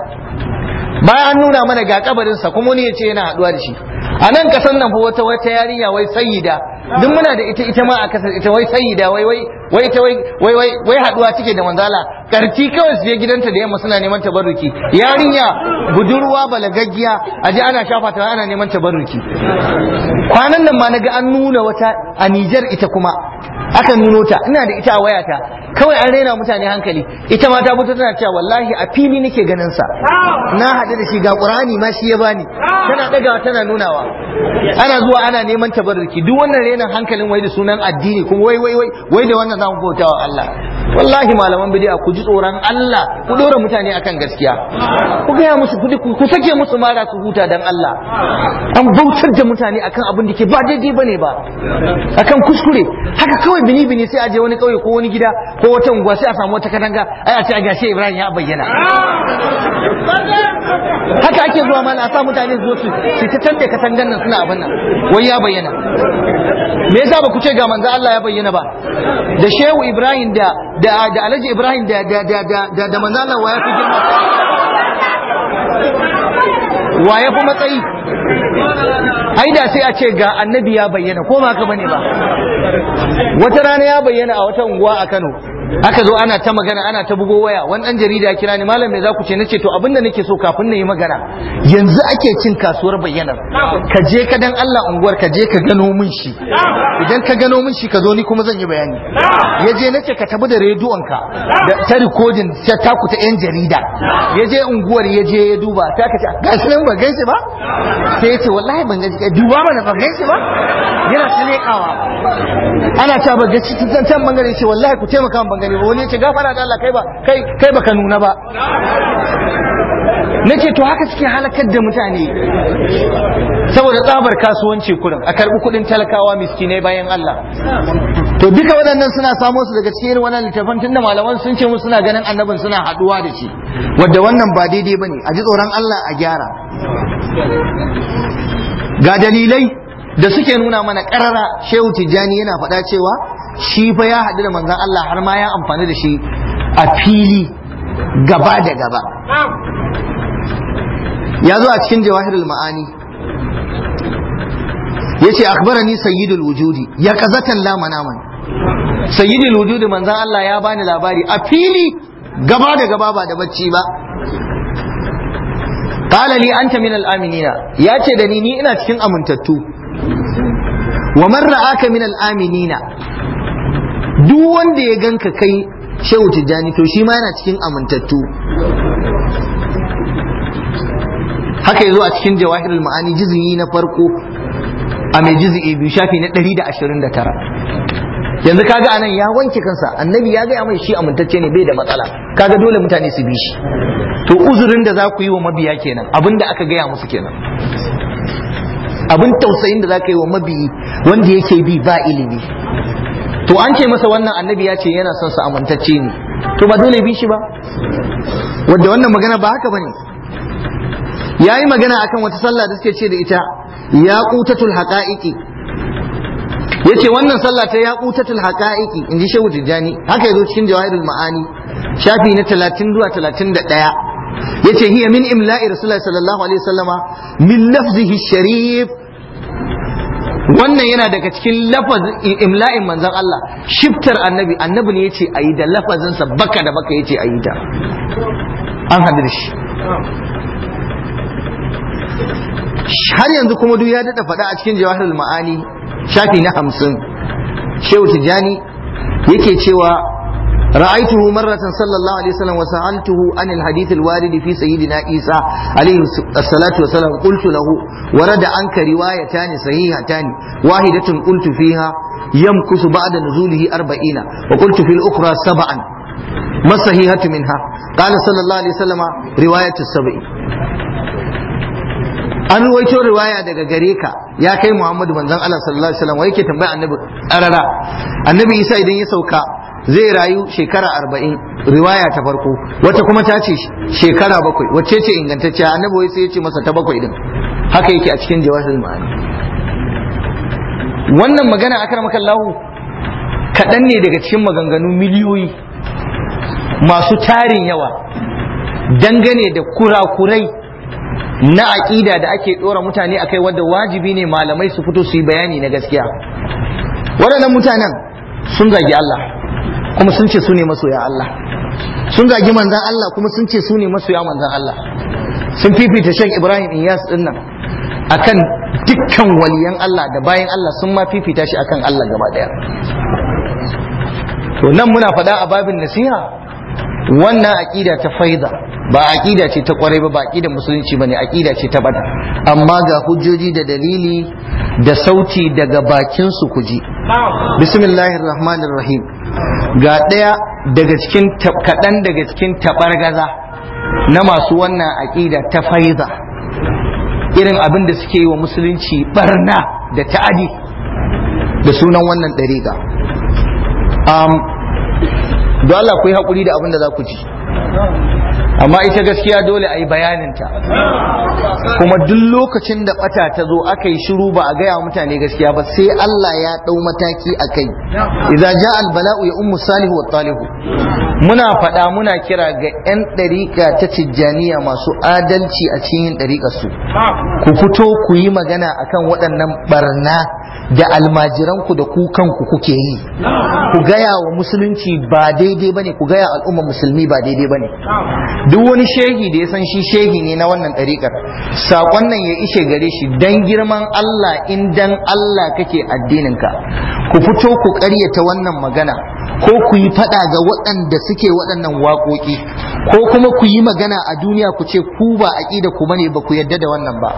bayan an nuna mana ga kabarinsa kuma wani ya ce yana haduwa da shi a nan kasan nan fa wata wata yarinya wai sayyida duk muna da ita ita ma a kasar ita wai sayyida wai wai wai ta wai wai wai wai haduwa take da manzala karti kawai su je gidanta da yamma suna neman tabarruki yarinya budurwa balagaggiya a ana shafa ta ana neman tabarruki kwanan nan ma naga an nuna wata a Nijar ita kuma aka nuno ta ina da ita a wayata kawai an raina mutane hankali ita ma ta fito tana cewa wallahi a fili nake ganin sa na haɗu da shi ga Qur'ani ma shi ya bani tana dagawa tana nunawa ana zuwa ana neman tabarriki duk wannan renin hankalin wai da sunan addini kuma wai wai wai wai da wannan zamu bautawa Allah wallahi malaman bid'a ku ji tsoron Allah ku dora mutane akan gaskiya ku gaya musu ku ku sake musu mara su huta dan Allah an bautar da mutane akan abin da ke ba daidai bane ba akan kuskure haka kawai bini bini sai aje wani kauye ko wani gida ko wata unguwa sai a samu wata katanga ai a ce a gashe Ibrahim ya bayyana haka ake zuwa mana a sa mutane su su ta tante katangan nan suna abin nan wai ya bayyana me yasa ba ku ce ga manzo Allah ya bayyana ba da Shehu Ibrahim da da da da Alhaji Ibrahim da da da da da manzala waya fi girma waye fi matsayi Haida sai a ce ga annabi ya bayyana ko ma ka bane ba wata rana ya bayyana a wata unguwa a Kano aka zo ana ta magana ana ta bugo waya wani dan jarida ya kira ni malam me za ku ce nace to abinda nake so kafin na yi magana yanzu ake cin kasuwar bayyanar ka je ka dan Allah unguwar ka je ka gano min shi idan ka gano min shi ka zo ni kuma zan yi bayani ya je nace ka tabi da rediyon ka ta recording ta taku ta yan jarida ya je unguwar ya je ya duba ta ka ce gashi nan ba gaishe ba sai ya ce wallahi ban gaishe duba mana ba gaishe ba yana ta ana ta ba gaishe ta can bangare ce wallahi ku taimaka min gani ba wani ce gafara da Allah kai ba kai kai baka nuna ba nace to haka suke halakar da mutane saboda tsabar kasuwanci kurin a karbi kudin talakawa miskine bayan Allah to duka waɗannan suna samo su daga cikin wannan littafin tunda malaman sun ce musu suna ganin annabin suna haɗuwa da shi wanda wannan ba daidai bane a ji tsoron Allah a gyara ga dalilai da suke nuna mana ƙarara shehu tijjani yana faɗa cewa shi fa ya haɗu da manzan Allah har ma ya amfani da shi a fili gaba da gaba ya zo a cikin jawahirul ma'ani ya ce akbarani sayyidul wujudi ya kazatan lama naman sayyidul wujudi manzan Allah ya bani labari a fili gaba da gaba ba da bacci ba qala li anta min aminina ya ce da ni ni ina cikin amintattu wa man ra'aka aminina duk wanda ya ganka kai shehu tijjani to shi ma yana cikin amintattu haka yazo a cikin jawahirul ma'ani jizini na farko a mai jizi'i biyu shafi na 129 yanzu kaga anan ya wanke kansa annabi ya gaya mai shi amintacce ne bai da matsala kaga dole mutane su bi shi to uzurin da za ku yi wa mabiya kenan abinda aka gaya musu kenan abin tausayin da za ka yi wa mabiyi wanda yake bi ba ilimi to an ce masa wannan annabi ya ce yana son sa amintacce ne to ba dole bi shi ba wanda wannan magana ba haka bane yayi magana akan wata sallah da suke ce da ita yaqutatul haqaiqi yace wannan sallah ta yaqutatul haqaiqi inji shehu tijani haka yazo cikin jawahirul ma'ani shafi na 30 zuwa 31 yace hiya min imla'i rasulullahi sallallahu alaihi wasallama min lafzihi sharif wannan yana daga cikin lafazin imla'in manzon Allah shiftar annabi annabi ne yace ayi da lafazinsa baka da baka yace ayi da an hadir shi har yanzu kuma duk ya dada faɗa a cikin jawahirul ma'ani shafi na hamsin shehu tijani yake cewa رأيته مرة صلى الله عليه وسلم وسألته عن الحديث الوارد في سيدنا عيسى عليه الصلاة والسلام قلت له ورد عنك روايتان صحيحتان واحدة قلت فيها يمكث بعد نزوله أربعين وقلت في الأخرى سبعا ما الصحيحة منها قال صلى الله عليه وسلم رواية السبع an ruwaito riwaya daga gare ka ya kai Muhammadu manzon Allah sallallahu alaihi wasallam wai ke tambaya annabi arara annabi Isa idan ya sauka zai rayu shekara arba'in riwaya ta farko wata kuma ta ce shekara bakwai wacce ce ingantacciya annabi wai sai ya ce masa ta bakwai din haka yake a cikin jawahirul ma'ani wannan magana a akramaka Lahu kaɗan ne daga cikin maganganu miliyoyi masu tarin yawa dangane da kurakurai na aƙida da ake ɗora mutane a kai wadda wajibi ne malamai su fito su yi bayani na gaskiya waɗannan mutanen sun zagi Allah kuma sun ce su ne masoya Allah sun zagi manzan Allah kuma sun ce su ne masoya manzan Allah sun fifita shan Ibrahim Iyas din nan akan dukkan waliyan Allah da bayan Allah sun ma fifita shi akan Allah gaba daya to nan muna faɗa a babin nasiha wannan aƙida ta faiza ba aƙida ce ta kwarai ba ba aƙida musulunci bane aƙida ce ta bada amma ga hujjoji da dalili da sauti daga bakin su kuji bismillahir rahmanir rahim ga ɗaya daga cikin kaɗan daga cikin tabargaza na masu wannan aƙida ta faiza irin abin da suke yi wa musulunci barna da ta'adi da sunan wannan ɗariƙa don Allah ku yi haƙuri da abin da za ku ci amma ita gaskiya dole a yi bayaninta kuma duk lokacin da bata ta zo aka yi shiru ba a gaya mutane gaskiya ba sai Allah ya ɗau mataki a kai idza ja albala'u ya ummu salihu wa talihu muna faɗa muna kira ga 'yan ɗariƙa ta tijjaniya masu adalci a cikin ɗariƙar su ku fito ku yi magana akan waɗannan barna da almajiranku da ku kanku kuke yi ku gaya wa musulunci ba daidai bane ku gaya al'ummar musulmi ba daidai bane duk wani shehi da ya san shi shehi ne na wannan ɗariƙar saƙon nan ya ishe gare shi dan girman Allah in dan Allah kake addininka ku fito ku ƙaryata wannan magana ko ku yi faɗa ga waɗanda suke waɗannan waƙoƙi ko kuma ku yi magana a duniya ku ce ku ba aƙida ku bane ba ku yadda da wannan ba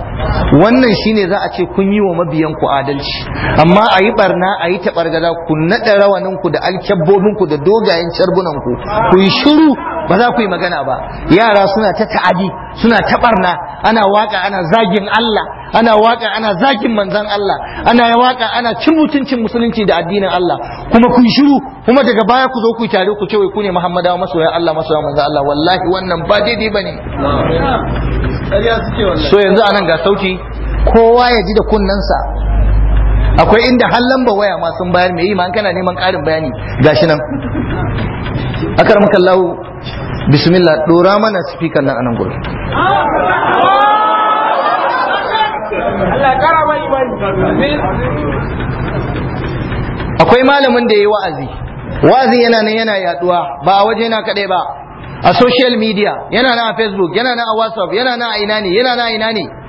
wannan shine za a ce kun yi wa mabiyan ku adalci amma a yi barna a yi taɓargaza ku naɗa rawanin ku da alkyabbobinku ku da dogayen carbunan ku ku yi shiru ba za ku yi magana ba yara suna ta ta'adi suna ta barna ana waka ana zagin Allah ana waka ana zagin manzan Allah ana waka ana cin mutuncin musulunci da addinin Allah kuma ku shiru kuma daga baya ku zo ku tare ku ce wai ku ne Muhammadawa masoyan Allah masoyan manzan Allah wallahi wannan ba daidai bane so yanzu anan ga sauti kowa ya ji da sa akwai inda har lamba waya ma sun bayar mai yi ma kana neman karin bayani gashi nan akar bismillah dora mana speaker nan anan gurin akwai malamin da ya yi wa'azi wa'azi yana nan yana yaduwa ba a waje na kadai ba a social media yana na a facebook yana na a whatsapp yana na a ina ne yana na a ina ne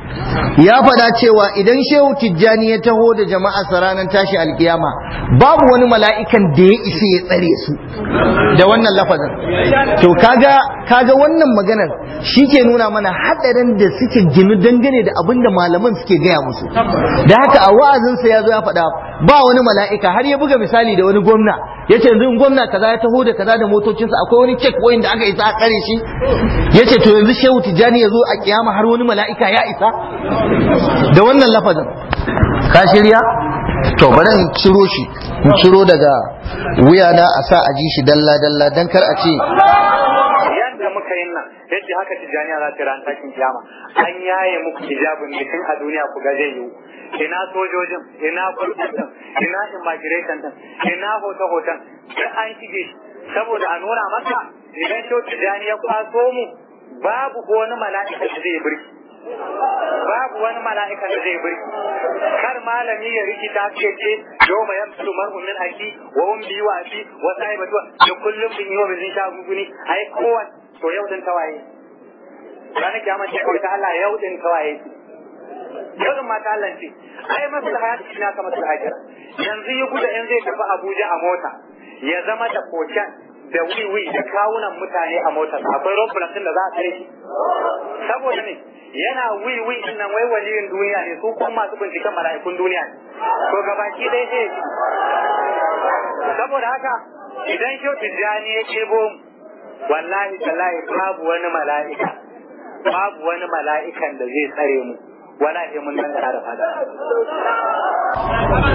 ya faɗa cewa idan shehu tijjani ya taho da jama'a ranar tashi alkiyama babu wani mala'ikan da ya ishe ya tsare su da wannan lafazin to kaga kaga wannan maganar shi ke nuna mana haɗarin da suke ginu dangane da abin da malaman suke gaya musu da haka a wa'azinsa ya zo ya faɗa ba wani mala'ika har ya buga misali da wani gwamna ya ce yanzu gwamna kaza ya taho da kaza da motocinsa akwai wani cek wayan da aka isa a tsare shi ya ce to yanzu shehu tijjani ya zo a kiyama har wani mala'ika ya isa da wannan lafazin ka shirya to bari in ciro shi in ciro daga wuya na a sa a ji shi dalla dalla dan kar a ce yadda muka yin nan yadda haka tijani za ta ran takin kiyama an yaye muku hijabin ne a duniya ku ga zai yiwu ina sojojin ina kurkutan ina immigration din ina hoto hoton sai an shige saboda a nuna maka idan shi ya kwaso mu babu ko wani mala'ika da zai birki babu wani mala'ikan da zai bari kar malami ya rikita ce ce yau mai yamsu mar'un min aki wa um bi wa fi wa sahibatu da kullum bin yau bin sha guguni ai kowan to yau din tawaye ranar kiyama ce kawai ta Allah yau din tawaye yau din ma ta Allah ce ai maslaha ya kina sama maslaha kira yanzu ya guda yanzu ya tafi Abuja a mota ya zama da kocan da wiwi da kawunan mutane a motar akwai robulan da za a tare shi saboda ne yana wiwi din nan wai waliyin duniya ne su kuma masu binciken mala'ikun duniya ne to gabaki dai ce saboda haka idan kyau tijjani ya kebo wallahi tallahi babu wani mala'ika babu wani mala'ikan da zai tsare mu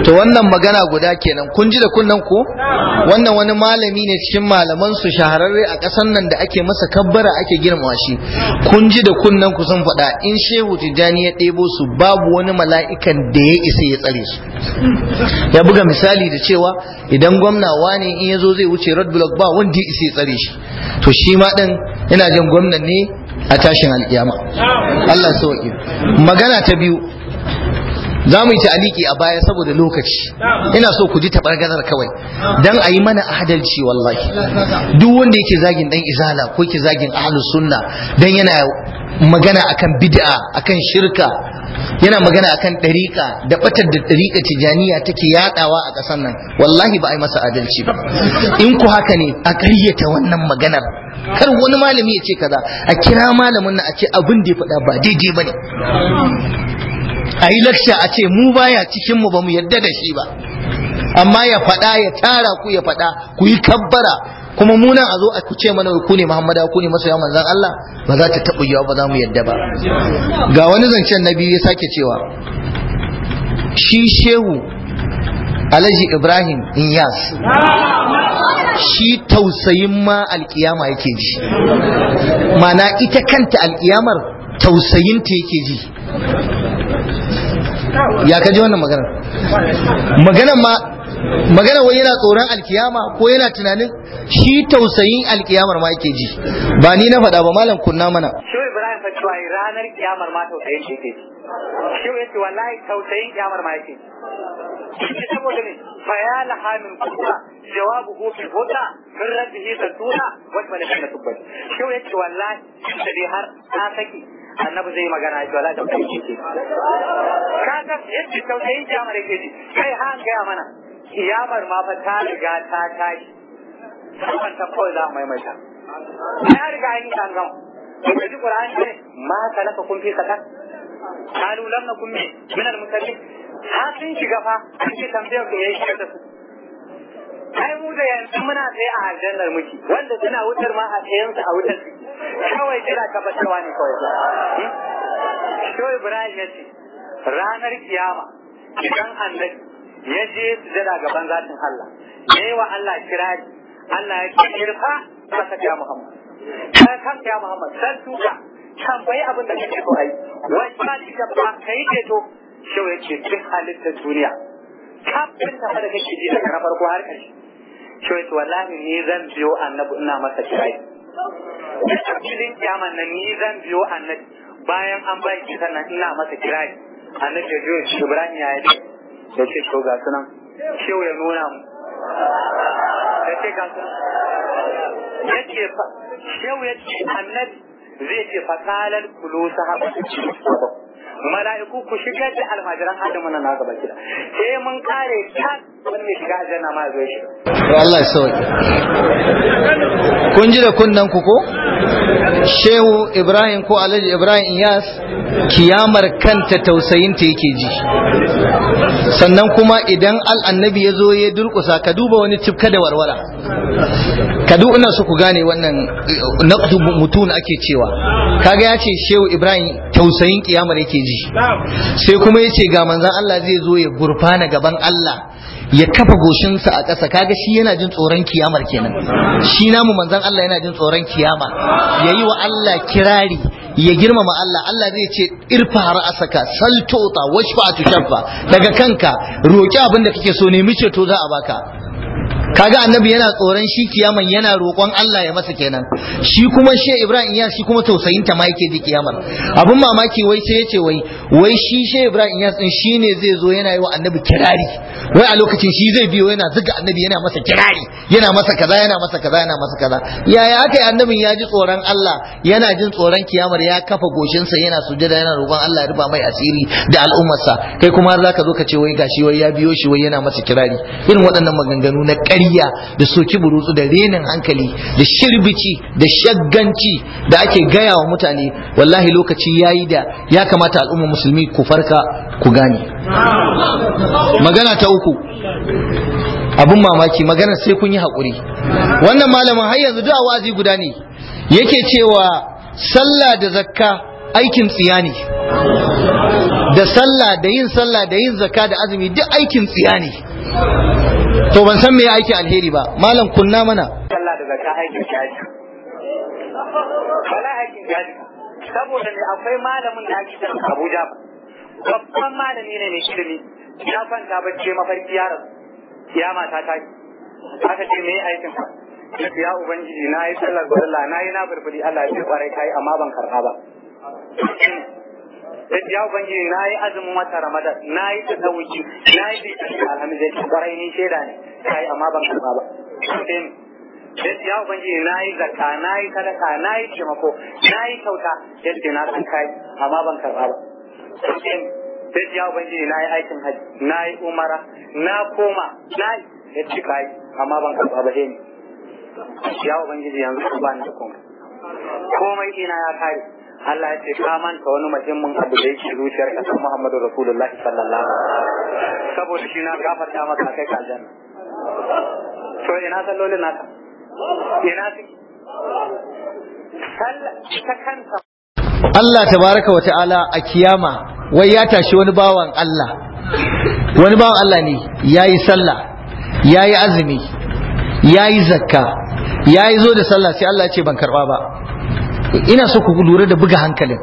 to wannan magana guda kenan kun ji da kunnan ku? wannan wani malami ne cikin malaman su shahararre a ƙasar nan da ake masa kabbara ake girmama shi kun ji da kunnan ku sun faɗa in shehu tijjani ya ɗebo su babu wani mala'ikan da ya isa ya tsare su ya buga misali da cewa idan gwamna wane in yazo zai wuce red block ba wanda ya isa ya tsare shi to shi ma ɗin ina jin gwamnan ne a tashin alkiyama Allah sauki magana ta biyu za mu yi taliki a baya saboda lokaci ina so ku ji tabargazar kawai dan a yi mana adalci wallahi duk wanda yake zagin dan izala ko yake zagin ahlus sunna dan yana magana akan bid'a akan shirka yana magana akan ɗariƙa da batar da ɗariƙa tijaniya take yadawa a ƙasar nan wallahi ba a yi masa adalci ba in ku haka ne a ƙaryata wannan maganar kar wani malami ya ce kaza a kira malamin na a ce abin da ya faɗa ba daidai ba ne a yi lakca a ce mu baya cikin mu ba mu yadda da shi ba amma ya faɗa ya tara ku ya faɗa ku yi kabbara kuma munan a zo a ku ce mana ku ne muhammada ku ne masoya manzan Allah ba za ta taɓa yawa ba za mu yadda ba ga wani zancen nabi ya sake cewa shi shehu Alhaji Ibrahim Inyas shi tausayin ma alkiyama yake ji mana ita kanta alkiyamar Tausayin ta yake ji ya kaji wannan magana magana ma magana wai yana tsoron alkiyama ko yana tunanin shi tausayin alkiyamar ma yake ji ba ni na faɗa ba malam kunna mana shi ibrahim fatuwa ranar kiyamar ma tausayin shi yake ji shehu yace wallahi tausayin kiyamar ma yake ji saboda ne fa ya laha min kulla jawabu hu fil huda min rabbihi satuna wa malaikatu tubbat shi yace wallahi da har ta saki annabi zai magana ya ce wala da kai ce ka ga yadda tausayin kiyamar ke ji kai ha ya mana kiyamar ma fa ta riga ta tashi kuma ta kawai za mu maimaita ya riga an yi an gama da ji qur'ani ne ma kalaka kun fi saka kalu lam nakum min al musallim ha sun shiga fa ake tambayar ku yayi da su ai mu da yanzu muna sai a aljannar muke wanda suna wutar ma a tsayansa a wutar su kawai jira tabbatarwa ne kawai shi ibrahim ya ce ranar kiyama idan annabi ya je su sujada gaban zatin Allah ne wa Allah kirari Allah ya ce irfa masa ya Muhammad kan kan ya Muhammad san tuka tambayi abin da kake so ai wai ba ki ka ba kai ke to shi ya ce duk halittar duniya kafin ta fara kake ji daga na farko har ƙarshe shi ya ce wallahi ne zan biyo annabi ina masa kirari da tafilin nan ni zan biyo annabi bayan an bai shi sannan ina masa kirari annabi ya biyo shi ibrahim ya yi da ce to ga sunan shehu ya nuna mu da ce ga sunan ya ce shehu ya ce annabi zai ce fasalar kulu su sahabatu mala'iku ku shigar da almajiran adamu na gaba kida sai mun kare kyan Allah kun ji da kunnan ku ko Shehu Ibrahim ko Alhaji Ibrahim Iyas kiyamar kanta tausayin ta yake ji sannan kuma idan al'annabi ya zo ya durkusa ka duba wani cifka da warwara ka duk ina su ku gane wannan eh, na mutum ake cewa kaga ya ce Shehu Ibrahim tausayin kiyamar yake ji sai kuma ya ce ga manzon Allah zai zo ya gurfana gaban Allah ya kafa goshinsa a ƙasa kaga shi yana jin tsoron kiyamar kenan shi namu manzon Allah yana jin tsoron kiyama Ya yi wa Allah kirari ya girmama Allah Allah zai ce irfa ra'asaka saltota washfa tushaffa daga kanka roki abin da kake so nemi ceto za a baka kaga annabi yana tsoron shi kiyaman yana roƙon Allah ya masa kenan shi kuma she Ibrahim ya shi kuma tausayin ta ma yake ji kiyamar abun mamaki wai sai yace wai wai shi she Ibrahim Iyas shi shine zai zo yana yi wa annabi kirari wai a lokacin shi zai biyo yana zuga annabi yana masa kirari yana masa kaza yana masa kaza yana masa kaza yaya aka yi annabin ya ji tsoron Allah yana jin tsoron kiyamar ya kafa goshinsa yana sujada yana roƙon Allah ya ruba mai asiri da al'ummarsa kai kuma har zaka zo ka ce wai gashi wai ya biyo shi wai yana masa kirari irin waɗannan maganganu na ƙari kiyayya da soki burutsu da renin hankali da shirbici da shagganci da ake gaya wa mutane wallahi lokaci yayi da ya kamata al'ummar musulmi ku farka ku gane magana ta uku abun mamaki magana sai kun yi hakuri. wannan malamin har yanzu duk wazi guda ne yake cewa sallah da zakka aikin tsiya ne da sallah da yin sallah da yin zakka da azumi duk aikin tsiya ne to ban san me ya aiki alheri ba malam kunna mana sallah da zakka aikin jaji wala aikin jaji saboda ne akwai malamin da ake kira Abuja babban malami ne ne ilimi ya kwanta bacci mafarki ya rasu ya mata ta yi aka ce me aikin ka ya ubangiji na yi sallar gwalla na yi na burburi Allah ya ce kwarai kai amma ban karba ba ya ubangiji na yi azumin wata ramadan na yi ta tawuci na yi da shi zai yake kwarai ni shaida ne kai amma ban karba ba yadda ya ubangiji na yi zakka na yi sadaka na yi taimako na yi kyauta yadda na san kai amma ban karba ba yadda ya ubangiji na yi aikin hajji na yi umara na koma na yi yadda kai amma ban karba ba ne ya ubangiji yanzu ba ni da komai komai ina ya kare Allah ya ce ka manta wani muhimmin abu da yake zuciyar ka Muhammadu Rasulullahi sallallahu alaihi wasallam saboda shi na gafarta maka kai ka aljanna to ina na ta ina suke ta kanta Allah tabaraka wa ta'ala a kiyama wai ya tashi wani bawan Allah wani bawan Allah ne yayi sallah yayi azumi yayi zakka yayi zo da sallah sai Allah ya ce ban karba ba ina so ku lura da buga hankalin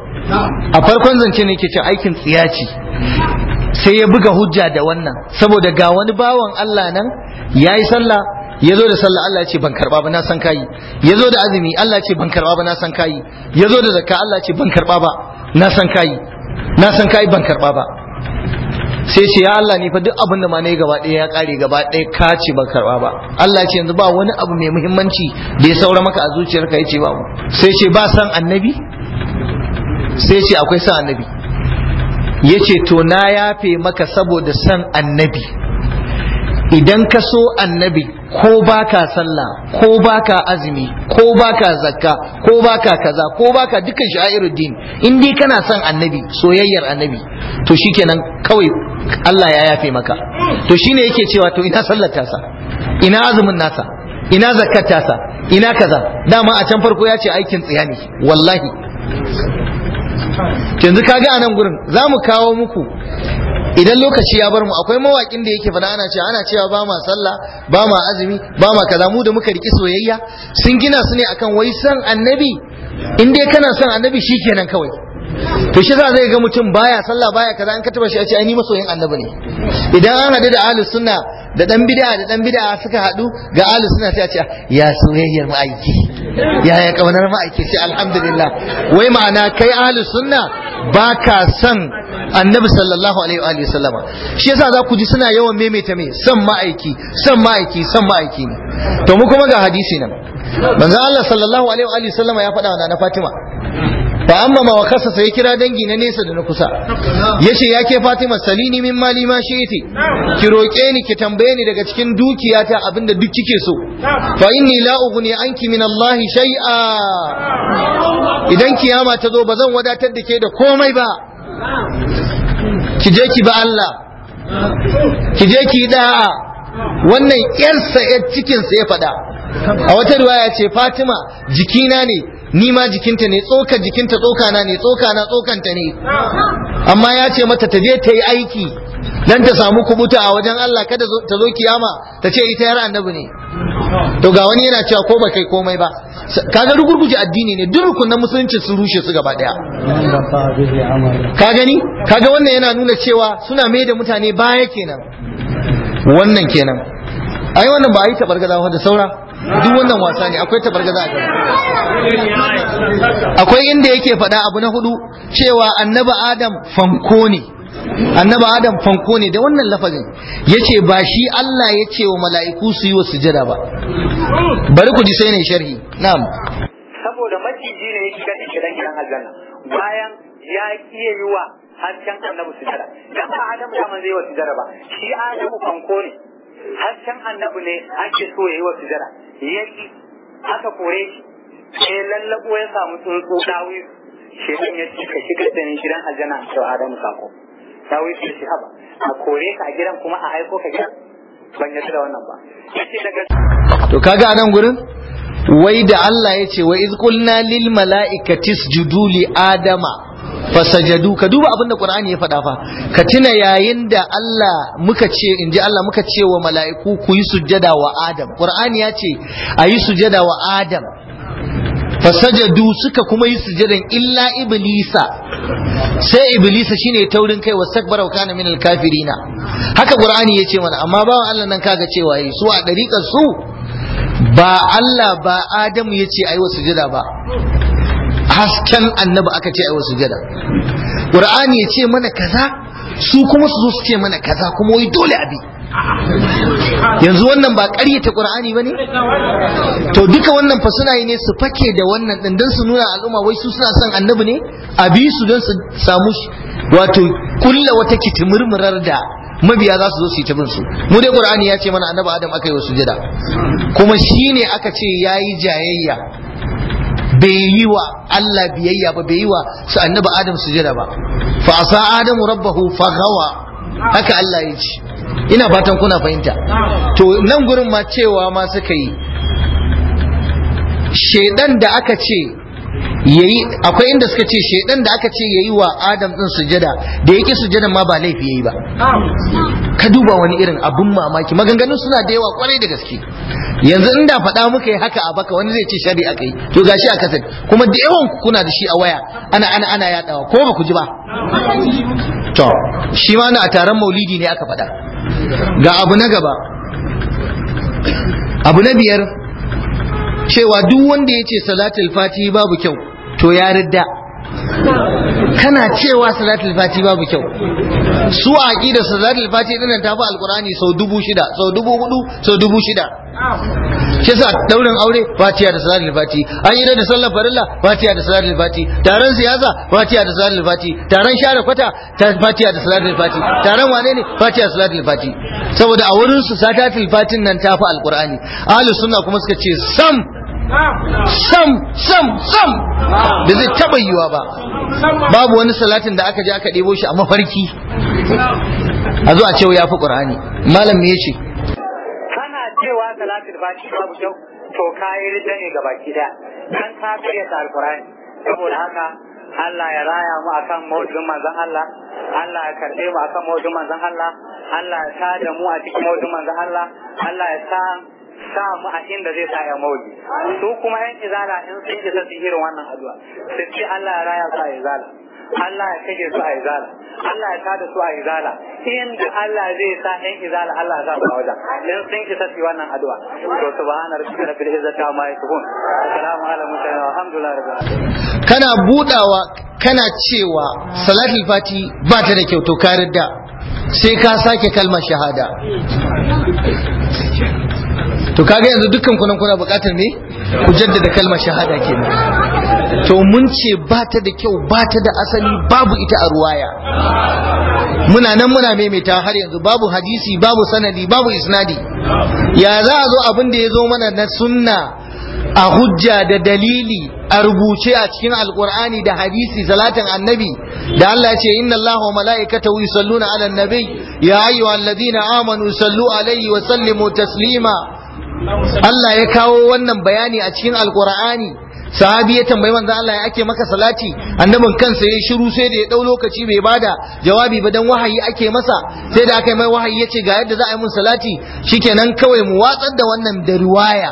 a farkon zance ne ke ce aikin tsiyaci sai ya buga hujja da wannan saboda ga wani bawan Allah nan ya yi sallah ya zo da sallah Allah ce ban karba ba na san kayi ya zo da azumi Allah ce ban karba ba na san kayi ya zo da zakka Allah ce ban karba ba na san kayi na san kayi ban karba ba sai ce ya Allah ni fa duk abin da ma nayi gaba ɗaya ya kare gaba ɗaya ka ce ba karba ba Allah ce yanzu ba wani abu mai muhimmanci da ya saura maka a zuciyarka yace babu sai ce ba san annabi sai ce akwai san annabi yace to na yafe maka saboda san annabi idan ka so annabi ko baka sallah ko baka azumi ko baka zakka ko baka kaza ko baka dukkan sha'iruddin in dai kana son annabi soyayyar annabi to shikenan kawai Allah ya yafe maka to shine yake cewa to ina sallar tasa ina azumin nasa ina zakkar tasa ina kaza dama a can farko ya ce aikin tsiya ne wallahi yanzu ga anan gurin za mu kawo muku idan lokaci ya bar mu akwai mawakin da yake fada ana cewa ana cewa ba ma sallah ba ma azumi ba ma kaza mu da muka riki soyayya sun gina su ne akan wai san annabi in dai kana son annabi shikenan kawai to shi za zai ga mutum baya sallah baya kaza an kataba shi a ce ai ni masoyin annabi ne idan an haɗu da ahlus sunna da dan bid'a da dan bid'a suka hadu ga ahlus sunna sai a ce ya soyayyar ma'aiki ya ya kaunar ma'aiki sai alhamdulillah wai ma'ana kai ahlus sunna baka san annabi sallallahu alaihi wa alihi sallama shi yasa za ku ji suna yawan maimaita me son ma'aiki son ma'aiki son ma'aiki ne to mu kuma ga hadisi nan manzo Allah sallallahu alaihi wa alihi sallama ya faɗa wa na Fatima fa amma ma wakasa sai kira dangi na nesa da na kusa yace ya ke Fatima salini min mali ma shi'ti ki roke ni ki tambaye ni daga cikin dukiya dukiyata abinda duk kike so fa inni la ughni anki min "Allahi shay'a idan kiyama ta zo bazan wadatar da ke da komai ba ki je ki ba Allah ki je ki da'a wannan yarsa yar cikin sa ya fada a wata riwaya ce Fatima jikina ne ni ma jikinta ne tsokar jikinta tsokana ne tsokana tsokanta ne amma ya ce mata ta je ta yi aiki dan ta samu kubuta a wajen Allah kada ta zo kiyama ta ce ita yar annabi ne to ga wani yana cewa ko ba kai komai ba kaga rugurguje addini ne duk rukunan musulunci sun rushe su gaba daya ka gani kaga wannan yana nuna cewa suna mai da mutane baya kenan wannan kenan ai wannan ba a yi tabargaza da saura duk wannan wasa ne akwai tabargaza a gaba akwai inda yake faɗa abu na hudu cewa annabi adam fanko ne annabi adam fanko ne da wannan lafazin yace ba shi Allah ya ce wa mala'iku su yi wa sujada ba bari ku ji sai ne sharhi na'am saboda maciji ne yake kan ikiran gidan aljanna bayan ya kiye yi wa hasken annabi sujada dan ba adam da man zai wa sujada ba shi adamu fanko ne har can annabi ne ake so ya yi wa ya yi aka kore shi sai lallabo ya samu tsuntsu dawi shi ɗin ya ci ka shiga da gidan aljanna to adamu sako dawi ce shi haba a kore ka a gidan kuma a aiko ka gidan ban yadda wannan ba to kaga anan gurin wai da Allah ya ce wai izkulna lil mala'ikati sujudu li adama fasajadu ka duba abinda qur'ani ya faɗa fa ka tuna yayin da Allah muka ce inji Allah muka ce wa mala'iku ku yi sujjada wa adam qur'ani ya ce a yi sujjada wa adam fasajadu suka kuma yi sujadan illa iblisa sai iblisa shine taurin kai wastakbara wa kana minal kafirina haka qur'ani ya ce mana amma wa Allah nan kaga cewa yi su a dariƙar su ba Allah ba Adamu ya ce ayi sujada ba hasken annabi aka ce ayi wa sujada Qur'ani ya ce mana kaza su kuma su zo su ce mana kaza kuma wai dole abi yanzu wannan ba ƙaryata Qur'ani bane to duka wannan fa suna yi ne su fake da wannan din dan su nuna al'umma wai su suna son annabi ne abi su dan su samu wato kulla wata kitimurmurar da mabiya za su zo su yi ta bin su mu dai qur'ani ya ce mana annabi adam aka yi wa sujada kuma shine aka ce yayi jayayya bai yi wa Allah biyayya ba bai yi wa su annabi adam sujada ba fa asa adamu rabbahu fa gawa haka Allah ya ce ina fatan kuna fahimta to nan gurin ma cewa ma suka yi shedan da aka ce yayi akwai inda suka ce shedan da aka ce yayi wa adam din sujada da yake sujadan ma ba laifi yayi ba ka duba wani irin abun mamaki maganganun suna da yawa kwarai da gaske yanzu inda faɗa muka yi haka a baka wani zai ce shari'a kai to gashi a kasar kuma da yawan kuna da shi a waya ana ana ana ko ba ku ji ba to shi ma na a taron maulidi ne aka faɗa ga abu na gaba abu na biyar cewa duk wanda ya ce salatul fatihi babu kyau to ya ridda kana cewa salatul fati babu kyau su a aqida salatul fati din ta fi alqur'ani sau dubu shida sau dubu hudu sau dubu shida ke sa daurin aure fatiya da salatul fati an yi da sallar farilla fatiya da salatul fati taron siyasa fatiya da salatul fati taron share kwata fatiya da salatul fati taron wane ne fatiya da salatul fati saboda a wurin su salatul fatin nan ta fi alqur'ani ahlus sunna kuma suka ce sam sam sam sam da zai taba yiwa ba babu wani salatin da aka je aka ɗebo shi a mafarki a zuwa cewa ya fi ƙur'ani malam me yace kana cewa salatin ba shi babu kyau to kayi rida ne ga baki da kan ka fiye ta alƙur'ani saboda haka Allah ya raya mu akan mawjin manzon Allah Allah ya karɓe mu akan mawjin manzon Allah Allah ya sa da mu a cikin mawjin manzon Allah Allah ya sa sa mu a inda zai sa ya mauli su kuma yan izala in sun isa su irin wannan addu'a su ce Allah ya raya su a izala Allah ya kage su a izala Allah ya tada su a izala inda Allah zai sa yan izala Allah ya sa su a wajen in sun isa su wannan addu'a to subhana rabbika rabbil izzati amma yasifun assalamu ala mutane walhamdulillahi rabbil alamin kana budawa kana cewa salatul fati ba ta da kyau to ka sai ka sake kalmar shahada to kaga yanzu dukkan kunan kuna bukatar me ku jaddada kalmar shahada kenan to mun ce ba ta da kyau ba ta da asali babu ita a ruwaya muna nan muna maimaita har yanzu babu hadisi babu sanadi babu isnadi ya za a zo abin da ya zo mana na sunna a hujja da dalili a rubuce a cikin alkur'ani da hadisi salatin annabi da Allah ce inna Allah wa mala'ikatahu yusalluna ala nabi ya ayyuhal ladina amanu sallu alayhi wa sallimu taslima Allah ya kawo wannan bayani a cikin alkur'ani sahabi ya tambayi manzo Allah ya ake maka salati annabin kansa ya shiru sai da ya dau lokaci bai bada jawabi ba dan wahayi ake masa sai da aka mai wahayi yace ga yadda za a yi mun salati shikenan kawai mu watsar da wannan da riwaya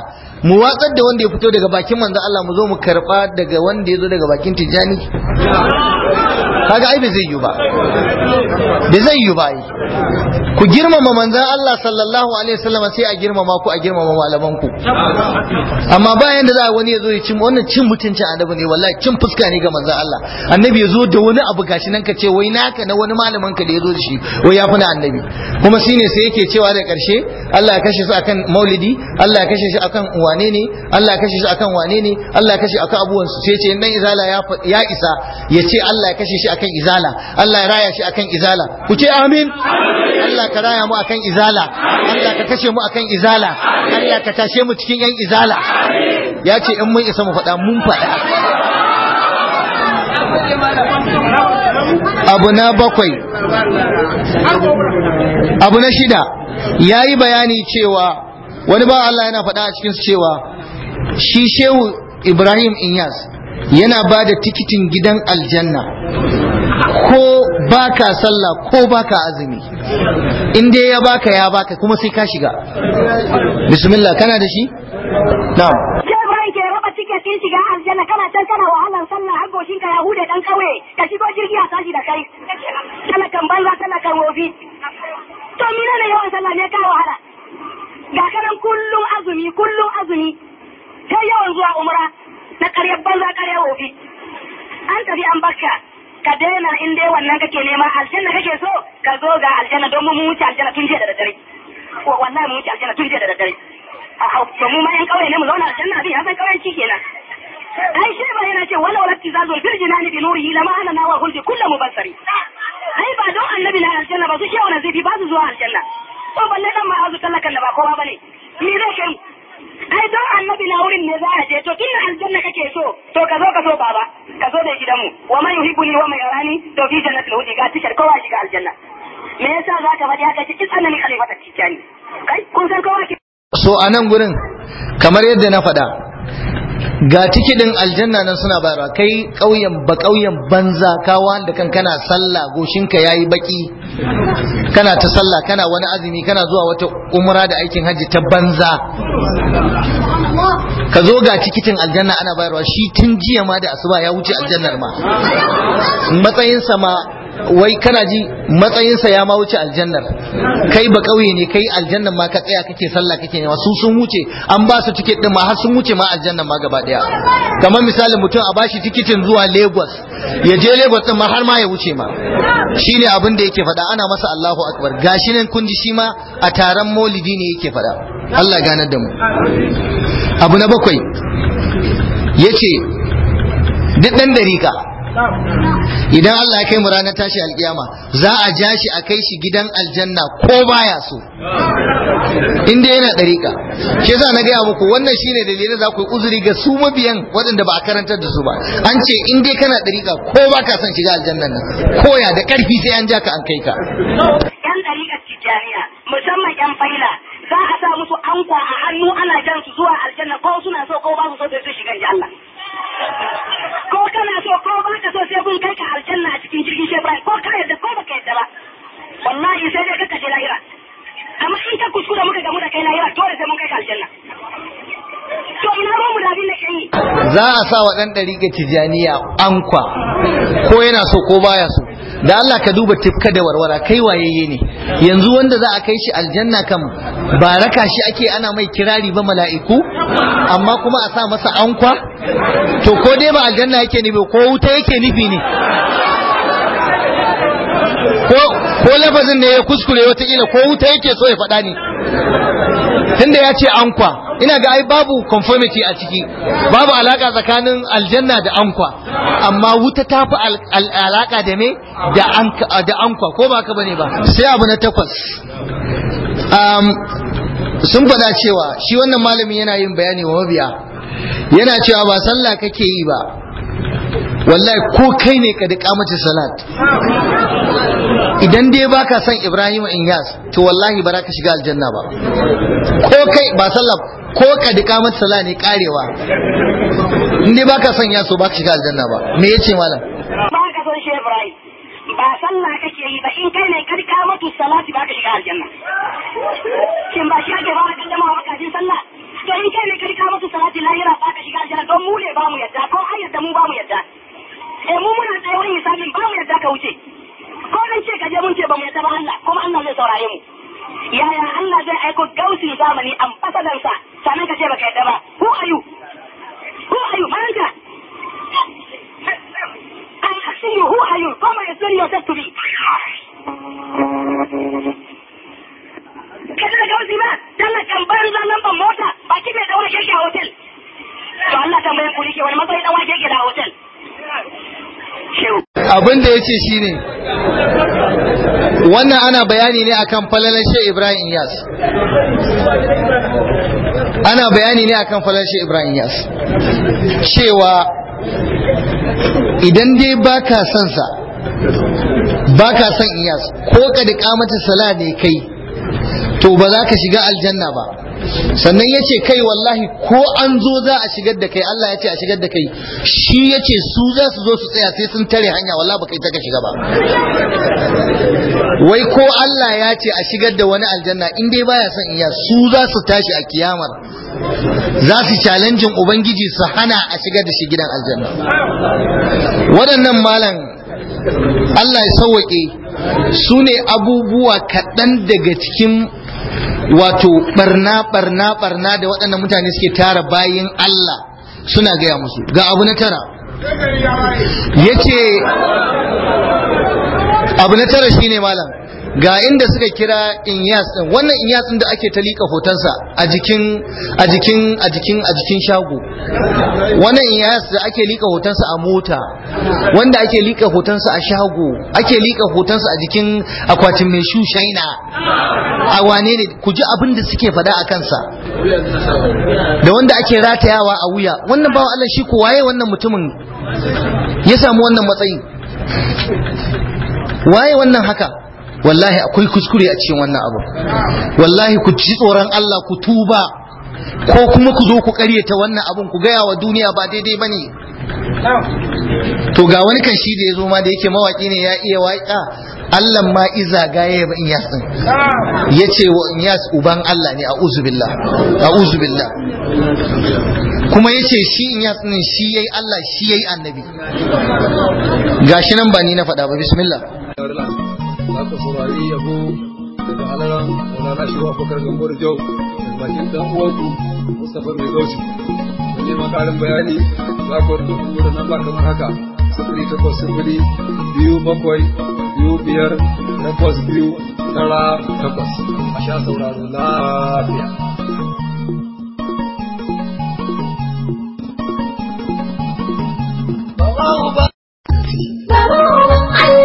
mu watsar da wanda ya fito daga bakin manzo Allah mu zo mu karba daga wanda ya zo daga bakin tijani kaga ai bazai zai yi ba Ba zai yi ba ku girmama manzon Allah sallallahu alaihi wasallam sai a girmama ku a girmama malaman ku amma bayan da za wani ya zo ya cin wannan cin mutuncin annabi ne wallahi cin fuska ne ga manzon Allah annabi ya zo da wani abu gashi nan ka ce wai naka na wani malaman ka da ya zo da shi wai ya fi na annabi kuma shine sai yake cewa da karshe Allah ya kashe su akan maulidi Allah ya kashe shi akan wane ne Allah ya kashe shi akan wane ne Allah ya kashe akan abubuwan su sai ce dan izala ya isa ya ce Allah ya kashe shi akan izala Allah ya raya shi akan izala ku ce amin Allah ka raya mu akan izala Allah ka kashe mu akan izala Allah ka tashe mu cikin yan izala ya ce in mun isa mu faɗa mun faɗa abu na bakwai abu na shida ya yi bayani cewa wani ba Allah yana faɗa a cikinsu cewa shi shehu ibrahim inyas yana ba da tikitin gidan aljanna ko baka sallah ko baka azumi in dai ya baka ya baka kuma sai ka shiga bismillah kana da shi na'am kin shiga aljanna kana can kana wahalar sallah har goshin ka ya hude dan kawai ka shigo jirgi a tashi da kai talakan banza kan wofi to mi na yawan sallah ne ka wahala ga kanan kullum azumi kullum azumi ta yawan zuwa umra na karyar banza ƙarya wofi an tafi an bakka ka daina in dai wannan kake nema aljanna kake so ka zo ga aljanna don mu wuce aljanna tun jiya da daddare wallahi mu wuce aljanna tun jiya da daddare a mu ma yan kauye ne mu zauna aljanna bi ya san shi kenan ai shi ba yana ce wala walatti zazul birjinani bi nurihi lama ana nawa hulji kullu mubassari ai ba don annabi na aljanna ba su shewa na zai ba su zuwa aljanna ko balle dan ma azu tallakan da ba kowa bane ni zai kai ai don annabi na wurin ne za a je to tun aljanna kake so to ka zo ka so baba ka zo da gidanmu wa man yuhibbuni wa man yarani to fi jannati lahu ga tikar kowa shiga aljanna me yasa za ka faɗi haka cikin annabi khalifa ta cikani kai kun san kowa ke so a nan gurin kamar yadda na faɗa ga tikidin aljanna nan suna bayarwa kai ƙauyen ba ƙauyen banza kawa da kan kana sallah goshinka yayi baki kana ta sallah kana wani azumi kana zuwa wata umra da aikin hajji ta banza ka zo ga tikitin aljanna ana bayarwa shi tun jiya ma da asuba ya wuce aljannar ma matsayin sama wai kana ji matsayinsa ya ma wuce aljannar kai ba kauye ne kai aljannar ma ka tsaya kake sallah kake ne su sun wuce an ba su tiket din ma har sun wuce ma aljannar ma gaba daya kamar misalin mutum a bashi tikitin zuwa Lagos ya je Lagos din ma har ma ya wuce ma shine abin da yake fada ana masa Allahu akbar gashi nan kun ji shi ma a taron Maulidi ne yake fada Allah ganar da mu abu na bakwai yace duk dan dariƙa idan Allah ya kai mu ranar tashi alkiyama za a ja shi a kai shi gidan aljanna ko baya so in dai yana dariƙa shi yasa na gaya muku wannan shine dalilin za ku yi uzuri ga su mabiyan waɗanda ba a karantar da su ba an ce in dai kana dariƙa ko ba ka son shiga aljannan nan koya da ƙarfi sai an ja ka an kai ka yan dariƙar tijjaniya musamman yan faila za a sa musu ankwa a hannu ana jan su zuwa aljanna ko suna so ko ba su so sai su shiga aljanna za a sa wa ɗan ɗari ɗariƙa tijaniya kwa ko yana so ko baya so da Allah ka duba tifka da warwara kai wayeye ne yanzu wanda za a kai shi aljanna kam ba raka shi ake ana mai kirari ba mala'iku amma kuma a sa masa kwa to ko dai ba aljanna yake nufi ko wuta yake nufi ne ko lafazin da ya kuskure watakila ko wuta yake so ya faɗa ne tunda ya ce kwa ina ga ai babu conformity a ciki babu alaka tsakanin aljanna da ankwa amma wuta ta fi alaka da me da ankwa ko ba ka bane ba sai abu na takwas sun faɗa cewa shi wannan malami yana yin bayani wa mabiya yana cewa ba sallah kake yi ba wallahi ko kai ne ka da kamata salat idan dai baka son Ibrahim Inyas to wallahi ba za ka shiga aljanna ba ko kai ba sallah ko ka dika mata sallah ne karewa in dai baka son yaso ba ka shiga aljanna ba me yace malam ba ka son shi Ibrahim ba sallah kake yi ba in kai ne ka dika mata salati ba ka shiga aljanna kin ba shi ake fara ba ka ji sallah to in kai ne ka dika mata salati lahira ba ka shiga aljanna don mu ne ba mu yadda ko har yadda mu ba mu yadda eh mu muna tsaye wani misalin ba mu yadda ka wuce ko dan ce ka mun ce ba mu yadda ba Allah kuma Allah zai saurare mu yaya Allah zai aiko gausi zamani an ambasadan sa sannan ka ce baka yadda ba who ayu you ayu are you malaka hu ayu you who are you come and kada da gausi ba dalla kan bari zan nan ban mota ba kike da wani kike a hotel to Allah tambaye ku rike wani matsayi dan wani kike da hotel abin da ya ce shi ne wannan ana bayani ne akan falalar shi ibrahim yas ana bayani ne akan falalar shi ibrahim yas cewa idan dai ba ka son sa ba ka son iyas ko ka da kamata sala ne kai to ba za ka shiga aljanna ba sannan ya ce kai wallahi ko an zo za a shigar da kai Allah ya ce a shigar da kai shi ya ce su za su zo su tsaya sai sun tare hanya wallahi ba kai ta ka shiga ba wai ko Allah ya ce a shigar da wani aljanna in dai baya son iya su za su tashi a kiyamar za su challenge ubangiji su hana a shigar da shi gidan aljanna waɗannan malam Allah ya sauwake su ne abubuwa kaɗan daga cikin wato barna barna barna da waɗannan mutane suke tara bayin Allah suna gaya musu ga abu na tara yace abu na tara shine malam ga inda suka kira inyas din wannan inyas din da ake ta lika hotonsa a jikin a jikin a jikin a jikin shago wannan inyas da ake lika hotonsa a mota wanda ake lika hotonsa a shago ake lika hotonsa a jikin akwatin mai shu shaina a wane ne ku ji abin da suke faɗa a kansa da wanda ake ratayawa a wuya wannan bawa Allah shi ko waye wannan mutumin ya samu wannan matsayi waye wannan haka wallahi akwai kuskure a cikin wannan abu wallahi ku ci tsoron Allah ku tuba ko kuma ku zo ku karyata wannan abun ku gaya wa duniya ba daidai bane to ga wani kan shi da ya zo ma da yake mawaki ne ya iya waƙa Allah ma iza gaya ba in yasin ya ce wa in yas uban Allah ne a uzubillah kuma ya ce shi in yasin shi yayi Allah shi yayi annabi gashi nan ba ni na faɗa ba bismillah za saurari yabo da halaran wani na shirwa fakar gambar jau da bakin dan uwanku mustapha mai da neman karin bayani za ku rubuta kuma da nan ba kamar haka sifiri takwas sifiri biyu bakwai biyu biyar takwas biyu tara takwas a sha sauraro lafiya. Allah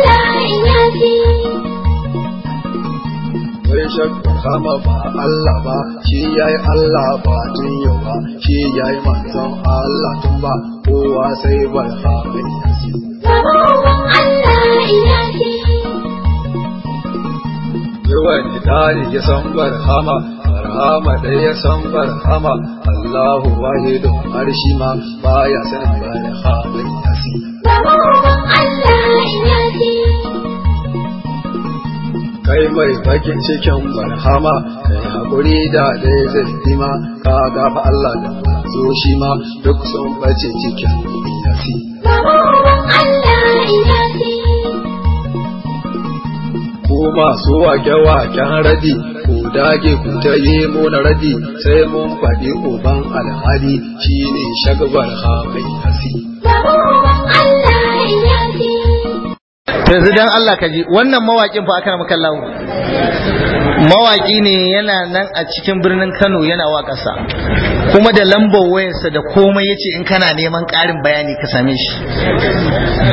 ya shakka kama ba Allah ba shi yayi Allah ba tun yau ba shi yayi manzon Allah tun ba kowa sai bai haɓe yasi. Yawan tari ya san barhama, barhama da ya san barhama, Allahu wahidun arshi ma Ba ya san barhama yasi. Babu Allah ya ina kai mai bakin cikin barhama kai hakuri da dai zai ma ka gafa Allah da so shi ma duk sun bace cikin yasi ko masu wake-waken radi ko dage ku ta yi na radi sai mun faɗi uban alhali shine shagbar hamai yasi to yanzu dan Allah ka ji wannan mawaƙin fa aka maka lawo mawaƙi ne yana nan a cikin birnin Kano yana waƙarsa kuma da lambar wayarsa da komai yace in kana neman ƙarin bayani ka same shi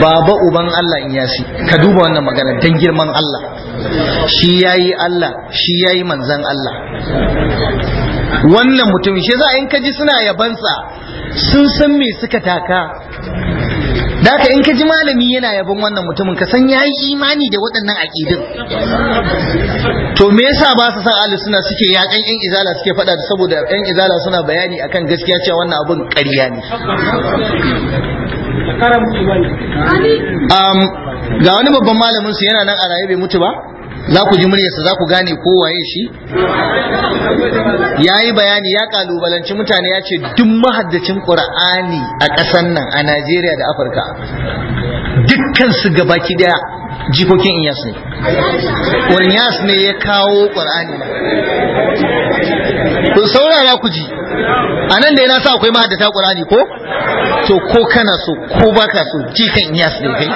baba uban Allah in yasi ka duba wannan magana dan girman Allah shi yayi Allah shi yayi manzan Allah wannan mutum shi za in ka ji suna yabansa sun san me suka taka da ka in ka ji malami yana yabon wannan mutumin ka san yayi imani da waɗannan aƙidin to me yasa ba su san ahli sunna suke yakan yan izala suke faɗa da saboda yan izala suna bayani akan gaskiya cewa wannan abun ƙarya ne um, ga wani babban malamin su yana nan a raye bai mutu ba za ku ji muryarsa za ku gane ko waye shi ya yi bayani ya kalubalanci mutane ya ce duk mahaddacin ƙur'ani a ƙasar nan a najeriya da afirka dukkan su gabaki daya jikokin iyas ne iyas ne ya kawo ƙur'ani ku saurara ku ji a nan da yana sa akwai mahaddata ƙur'ani ko to ko kana so ko baka so jikan iyas ne kai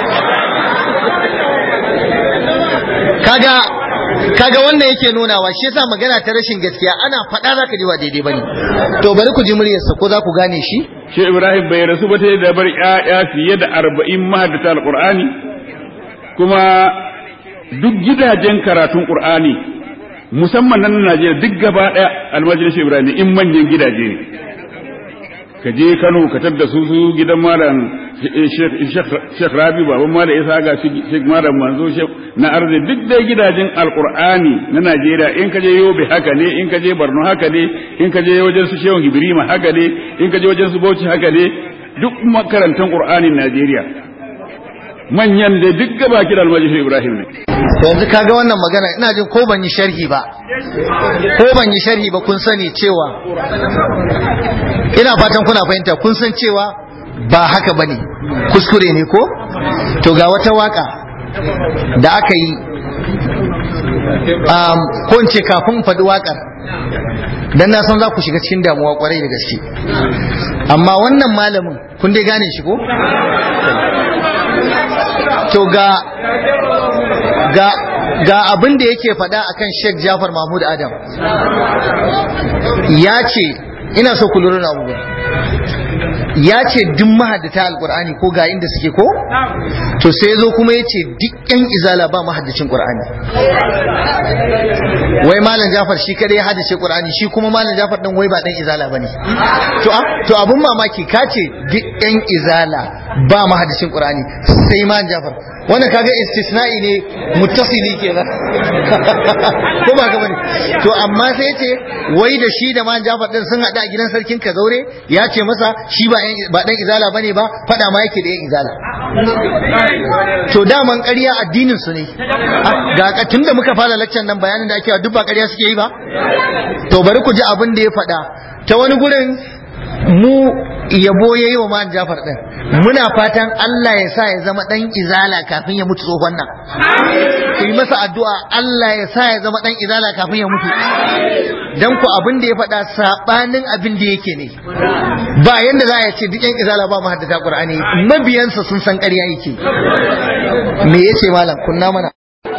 kaga kaga wannan yake nunawa shi yasa magana ta rashin gaskiya ana faɗa za ka ji ba daidai bane to bari ku ji muryarsa ko za ku gane shi shi Ibrahim bai rasu ba ta da bar ƴaƴa fiye da 40 mahaddata alqur'ani kuma duk gidajen karatun qur'ani musamman nan Najeriya duk gaba ɗaya almajalisi Ibrahim in manyan gidaje ne ka je Kano ka tadda su su gidan malam eh, Sheikh Rabi baban malam Isa ga Sheikh malam Manzo Sheikh na arzi duk dai gidajen Alkur'ani na Najeriya in ka je Yobe haka ne in ka je Borno haka ne in ka je wajen su Shehu Ibrahim haka ne in ka je wajen su Bauchi haka ne duk makarantan Kur'anin Najeriya manyan da duk gaba ki da almajiri Ibrahim ne yanzu kaga wannan magana ina jin ko ban yi sharhi ba ko ban yi sharhi ba kun sani cewa ina fatan kuna fahimta kun san cewa ba haka bane kuskure ne ko to ga wata waka da aka yi um, ko in ce kafin faɗi wakar dan na san za ku shiga cikin damuwa kwarai da gaske amma wannan malamin kun dai gane shi ko to ga ga ga abin da yake faɗa akan Sheikh Jafar Mahmud Adam ya ce ina so ku lura na ya ce duk mahaddata alkur'ani ko ga inda suke ko to sai zo kuma ya ce duk yan izala ba mahaddacin qur'ani wai malam jafar shi kadai ya hadashe qur'ani shi kuma malam jafar din wai ba dan izala bane to to abun mamaki ka ce duk yan izala ba mahaddacin qur'ani sai malam jafar wannan kaga istisna'i ne muttasili kenan ko ba ka bane to amma sai ya ce wai da shi da malam jafar din sun hada a gidan sarkin kazaure ya ce masa shi ba ba dan izala bane ba fada ma yake da yin izala to daman ƙarya addinin su ne ga katin da muka fara laccan nan bayanin da ake duk ba ƙarya suke yi ba to bari ku ji abin da ya faɗa ta wani gurin mu yabo ya yi wa ma'an Jafar ɗin, muna fatan Allah ya sa ya zama ɗan izala kafin ya mutu tsohon nan ku yi masa addu'a Allah ya sa ya zama ɗan izala kafin ya mutu dan ku abin da ya faɗa saɓanin abin da yake ne ba yadda za a ce duk yan izala ba haddata Qur'ani mabiyansa sun san ƙarya yake me yace malam kunna mana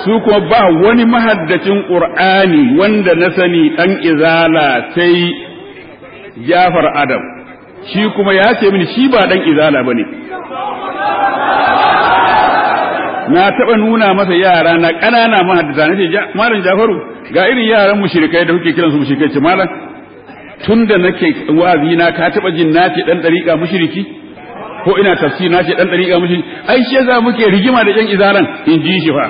su kuma ba wani mahaddacin ƙur'ani wanda na sani ɗan izala sai Jafar Adam shi kuma ya ce mini shi ba dan izala bane na taɓa nuna masa yara na ƙanana mahaddisa na ce malam Jafaru ga irin yaran mushrikai da kuke kiransu mushrikai ce malam tun da nake wazi na ka taɓa jin na ce dan ɗariƙa mushriki ko ina tafsir na ce dan ɗariƙa mushriki ai shi yasa muke rigima da yan izaran in ji shi fa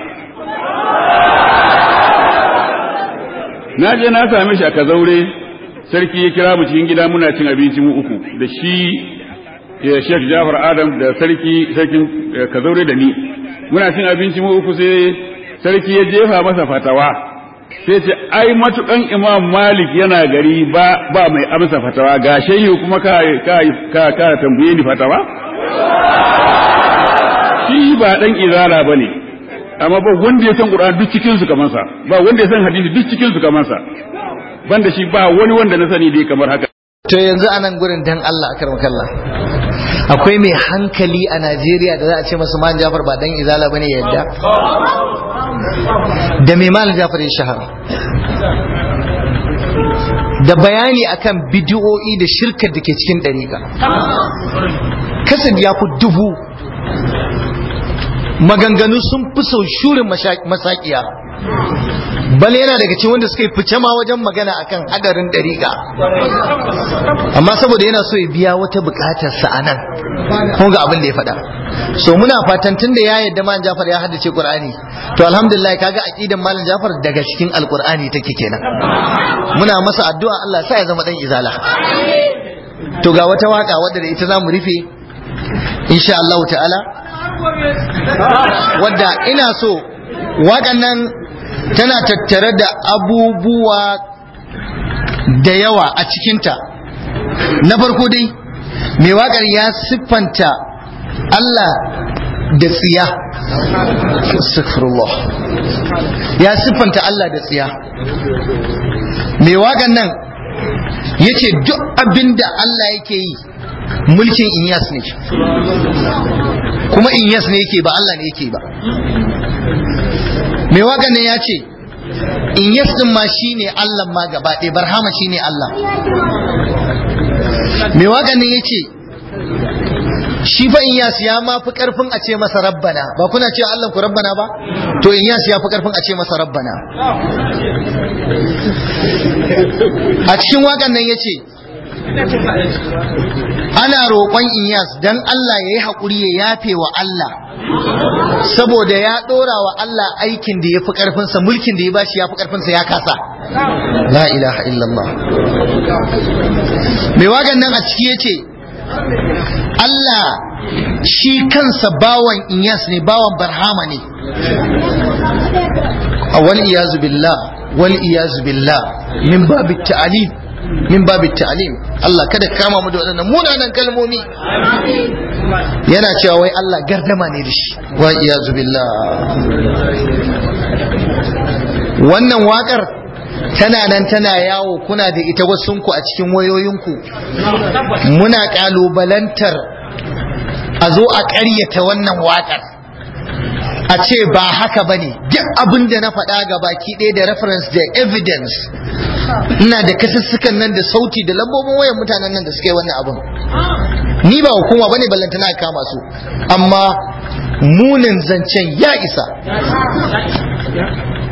na je na same shi a kazaure sarki ya kira mu cikin gida muna cin abinci mu uku da shi Sheikh Jafar Adam da sarki sarkin eh, zaure da ni muna cin abinci mu uku sai sarki ya jefa masa fatawa sai ce ai matukan Imam Malik yana gari ba ba mai amsa fatawa ga shehu kuma ka ka ka, ka tambaye ni fatawa shi ba dan izara bane amma ba wanda ya san Qur'ani duk cikin su kamar sa ba wanda ya san hadisi duk cikin su kamar sa banda shi ba wani wanda na sani dai kamar haka to yanzu a nan gurin dan Allah a makalla akwai mai hankali a Najeriya da za a ce masa man Jafar ba dan izala bane ne yadda da mai mal Jafar ya shahara da bayani akan bidiyo'i da shirkar da ke cikin dariƙa Kasan ya ku dubu maganganu sun fi sau shurin masakiya bale yana daga cikin wanda suka yi fice ma wajen magana akan hadarin dariƙa amma saboda yana so ya biya wata buƙatar sa anan kun ga abin da ya faɗa so muna fatan da ya yadda malam Jafar ya haddace Qur'ani to alhamdulillah kaga aqidan malam Jafar daga cikin alqur'ani take kenan muna masa addu'a Allah sa ya zama dan izala to ga wata waka wadda da ita zamu rufe insha Allah ta'ala wadda ina so waɗannan tana tattare da abubuwa da yawa a cikinta na farko dai mai waƙar ya siffanta Allah da tsiya ya siffanta Allah da tsiya mai waƙar nan ce duk abinda Allah yake yi mulkin inyas ne kuma inyas ne yake ba Allah ne yake ba mai ne ya ce inyas din ma shine Allah ma gaba ɗaya barhama shine Allah mai wagan ya ce shi fa inyas ya ma fi karfin a ce masa rabbana ba kuna ce Allah ku rabbana ba to inyas ya fi karfin a ce masa rabbana a cikin wagan nan ya ce ana roƙon iyas don Allah ya yi haƙuri ya yafe wa Allah saboda ya ɗora wa Allah aikin da ya fi ƙarfinsa mulkin da ya bashi ya fi ƙarfinsa ya kasa la ilaha illallah mai wagan nan a ciki ya ce Allah shi kansa bawan Iyas ne bawan Barhama ne A wal iyazu billah wal billah min babu ta'alib min babu ta'lim Allah kada kama mu da waɗannan munanan kalmomi yana cewa wai Allah gardama ne da shi wa iyazu billah wannan waƙar tana nan tana yawo kuna da ita wasunku a cikin wayoyinku muna ƙalubalantar a zo a ƙaryata wannan waƙar a ce ba haka bane duk abin da na faɗa ga baki ɗaya da reference da evidence ina da kasussukan nan da sauti da lambobin wayan mutanen nan da suke wannan abin ni ba hukuma bane ballantana a kama su amma munin zancen ya isa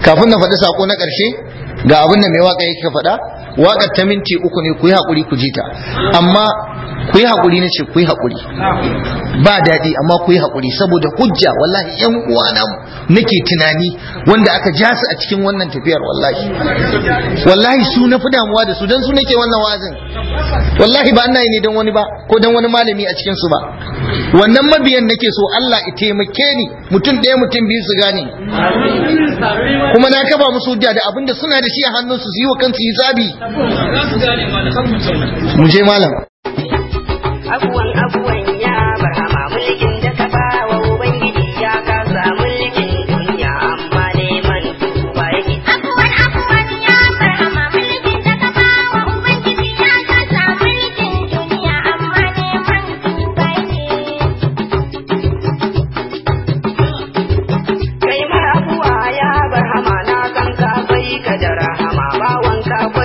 kafin na faɗi sako na karshe ga abin da mai waka yake faɗa waƙar ta minti uku ne ku yi haƙuri ku jita amma ku yi haƙuri na ce ku yi haƙuri ba daɗi amma ku yi haƙuri saboda hujja wallahi yan uwana nake tunani wanda aka ja su a cikin wannan tafiyar wallahi wallahi su na fi damuwa da su don su nake wannan wazin wallahi ba ina yi ne don wani ba ko dan wani malami a cikin su ba wannan mabiyan nake so Allah ya taimake ni mutum ɗaya mutum biyu su gane kuma na kafa musu hujja da abinda suna da shi a hannunsu su yi wa kansu yi zabi mu je malam abu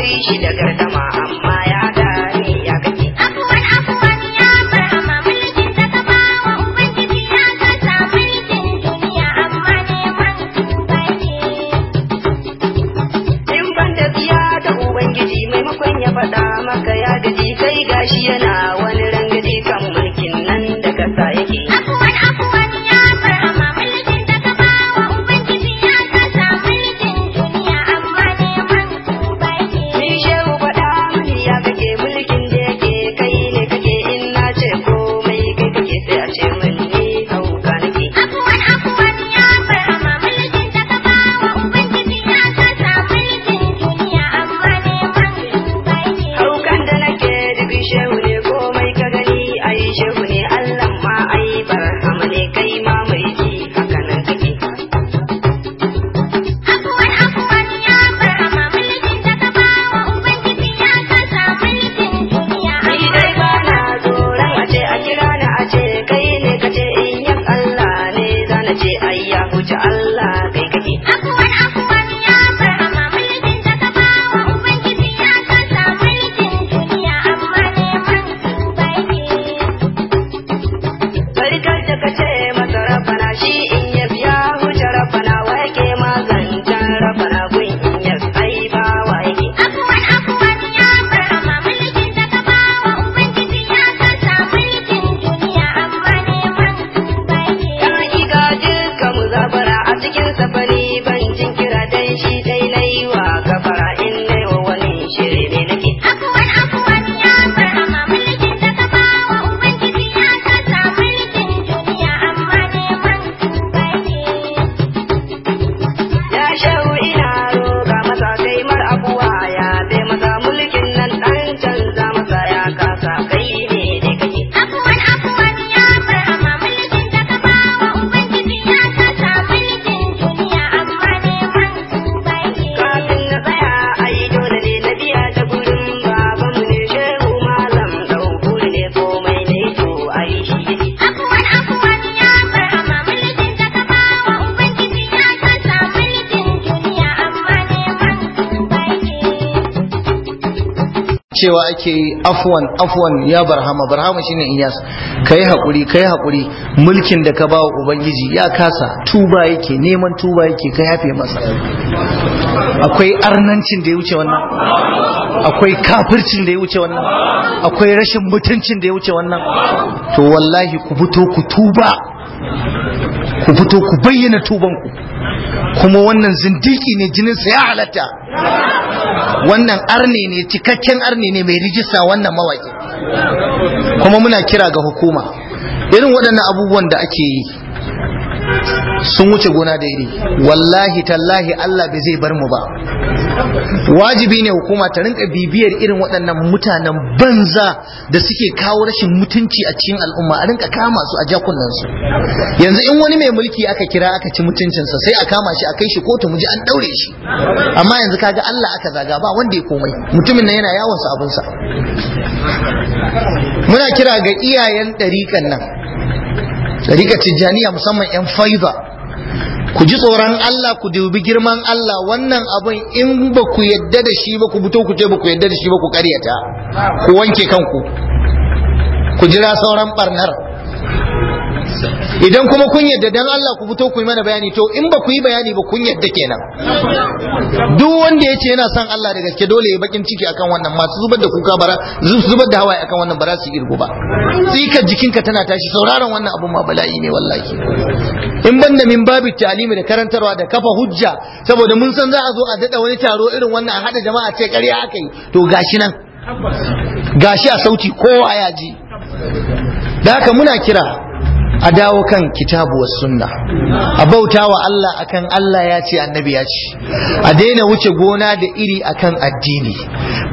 kore shi da garda cewa ake yi afwan afwan ya barhama barhama shine iyas kai hakuri kai hakuri mulkin da ka bawa ubangiji ya kasa tuba yake neman tuba yake ka yafe masa akwai arnancin da ya wuce wannan akwai kafircin da ya wuce wannan akwai rashin mutuncin da ya wuce wannan to wallahi ku fito ku tuba ku fito ku bayyana tubanku kuma wannan zindiki ne jininsa ya halatta wannan arne ne cikakken arne ne mai rijista wannan mawaki kuma muna kira ga hukuma irin waɗannan abubuwan da ake yi sun wuce gona da iri wallahi tallahi Allah bai zai bar mu ba wajibi ne hukuma ta rinka bibiyar irin waɗannan mutanen banza da suke kawo rashin mutunci a cikin al'umma a rinka kama su a jakunansu yanzu in wani mai mulki aka kira aka ci mutuncinsa sai a kama shi a kai shi kotu mu ji an ɗaure shi amma yanzu kaga Allah aka zaga ba wanda ya komai mutumin nan yana yawon sa abinsa muna kira ga iyayen ɗarikan nan ɗarikar tijjaniya musamman 'yan fiber. ku ji tsoron Allah ku dubi girman Allah wannan abin in ba ku yadda da shi ba ku buto ku ce ba ku yadda da shi ba ku karyata ku wanke kanku ku jira sauran barnar idan kuma kun yadda dan Allah ku fito ku yi mana bayani to in ba ku yi bayani ba kun yadda kenan duk wanda ya ce yana son Allah da gaske dole ya bakin ciki akan wannan masu zubar da kuka bara zubar da hawaye akan wannan bara su irgo ba tsika jikinka tana tashi sauraron wannan abun ma bala'i ne wallahi in ban banda min babu ta'alimi da karantarwa da kafa hujja saboda mun san za a zo a dada wani taro irin wannan a hada jama'a ce ƙarya aka yi to gashi nan gashi a sauti kowa ya ji da haka muna kira a dawo kan kitabu wa sunna a bauta wa Allah akan Allah ya ce annabi ya ce a daina wuce gona da iri akan addini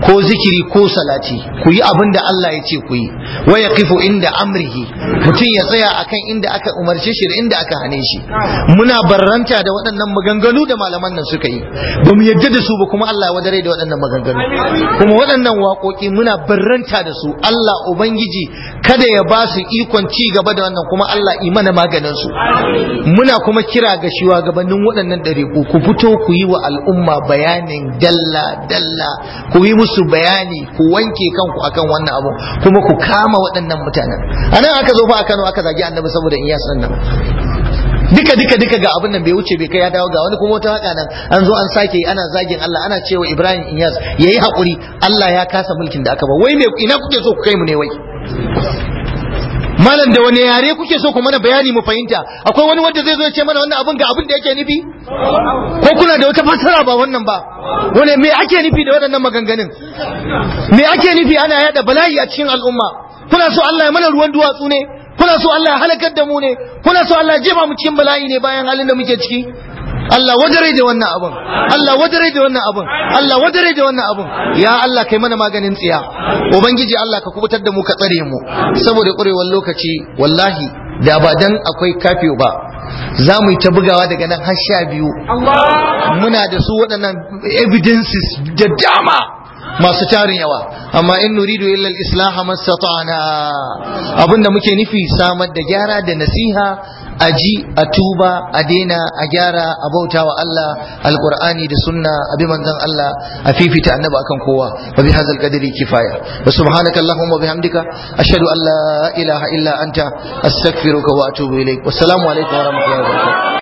ko zikiri ko salati ku yi abin da Allah ya ce ku yi wa yaqifu inda amrihi mutum ya tsaya akan inda aka umarce shi da inda aka hane shi muna barranta da waɗannan maganganu da malaman nan suka yi ba mu yadda da su ba kuma Allah ya wadare da waɗannan maganganu kuma waɗannan waƙoƙi muna barranta da su Allah ubangiji kada ya ba su ikon ci gaba da wannan kuma Allah imana maganin su muna kuma kira ga gabanin waɗannan ɗariƙu ku fito ku yi wa al'umma bayanin dalla dalla ku yi musu bayani ku wanke kanku akan wannan abu kuma ku kama waɗannan mutanen nan aka zo fa a Kano aka zagi annabi saboda Iyas nan duka duka duka ga abin nan bai wuce bai kai ya dawo ga wani kuma wata waka nan an zo an sake ana zagin Allah ana cewa Ibrahim Iyas yayi hakuri Allah ya kasa mulkin da aka ba wai me ina kuke so ku kai mu ne wai malam da wani yare kuke so ku mana bayani mu fahimta akwai wani wanda zai zo ya ce mana wannan abin ga abin da yake nufi ko kuna da wata fassara ba wannan ba wani me ake nufi da waɗannan maganganun me ake nufi ana yada bala'i a cikin al'umma kuna so Allah ya mana ruwan duwatsu ne kuna so Allah ya halakar da mu ne kuna so Allah ya jefa mu cikin bala'i ne bayan halin da muke ciki Allah wajare da wannan abun Allah wajare da wannan abun Allah wajare da wannan abun ya Allah kai mana maganin tsiya ubangiji Allah ka kubutar da mu ka tsare mu saboda kurewar lokaci wallahi da ba dan akwai kafiyo ba za mu yi ta bugawa daga nan har sha biyu muna da su waɗannan evidences da dama masu tarin yawa amma in nuridu illa al-islah mastata'na abinda muke nufi samar da gyara da nasiha a ji a tuba a daina a gyara a bauta wa Allah alqur'ani da sunna a bi manzon Allah a fifita annabi akan kowa wa bi hadzal qadri kifaya wa subhanaka allahumma bihamdika ashhadu an la ilaha illa anta astaghfiruka wa atubu Wa wassalamu alaikum wa rahmatullahi wa barakatuh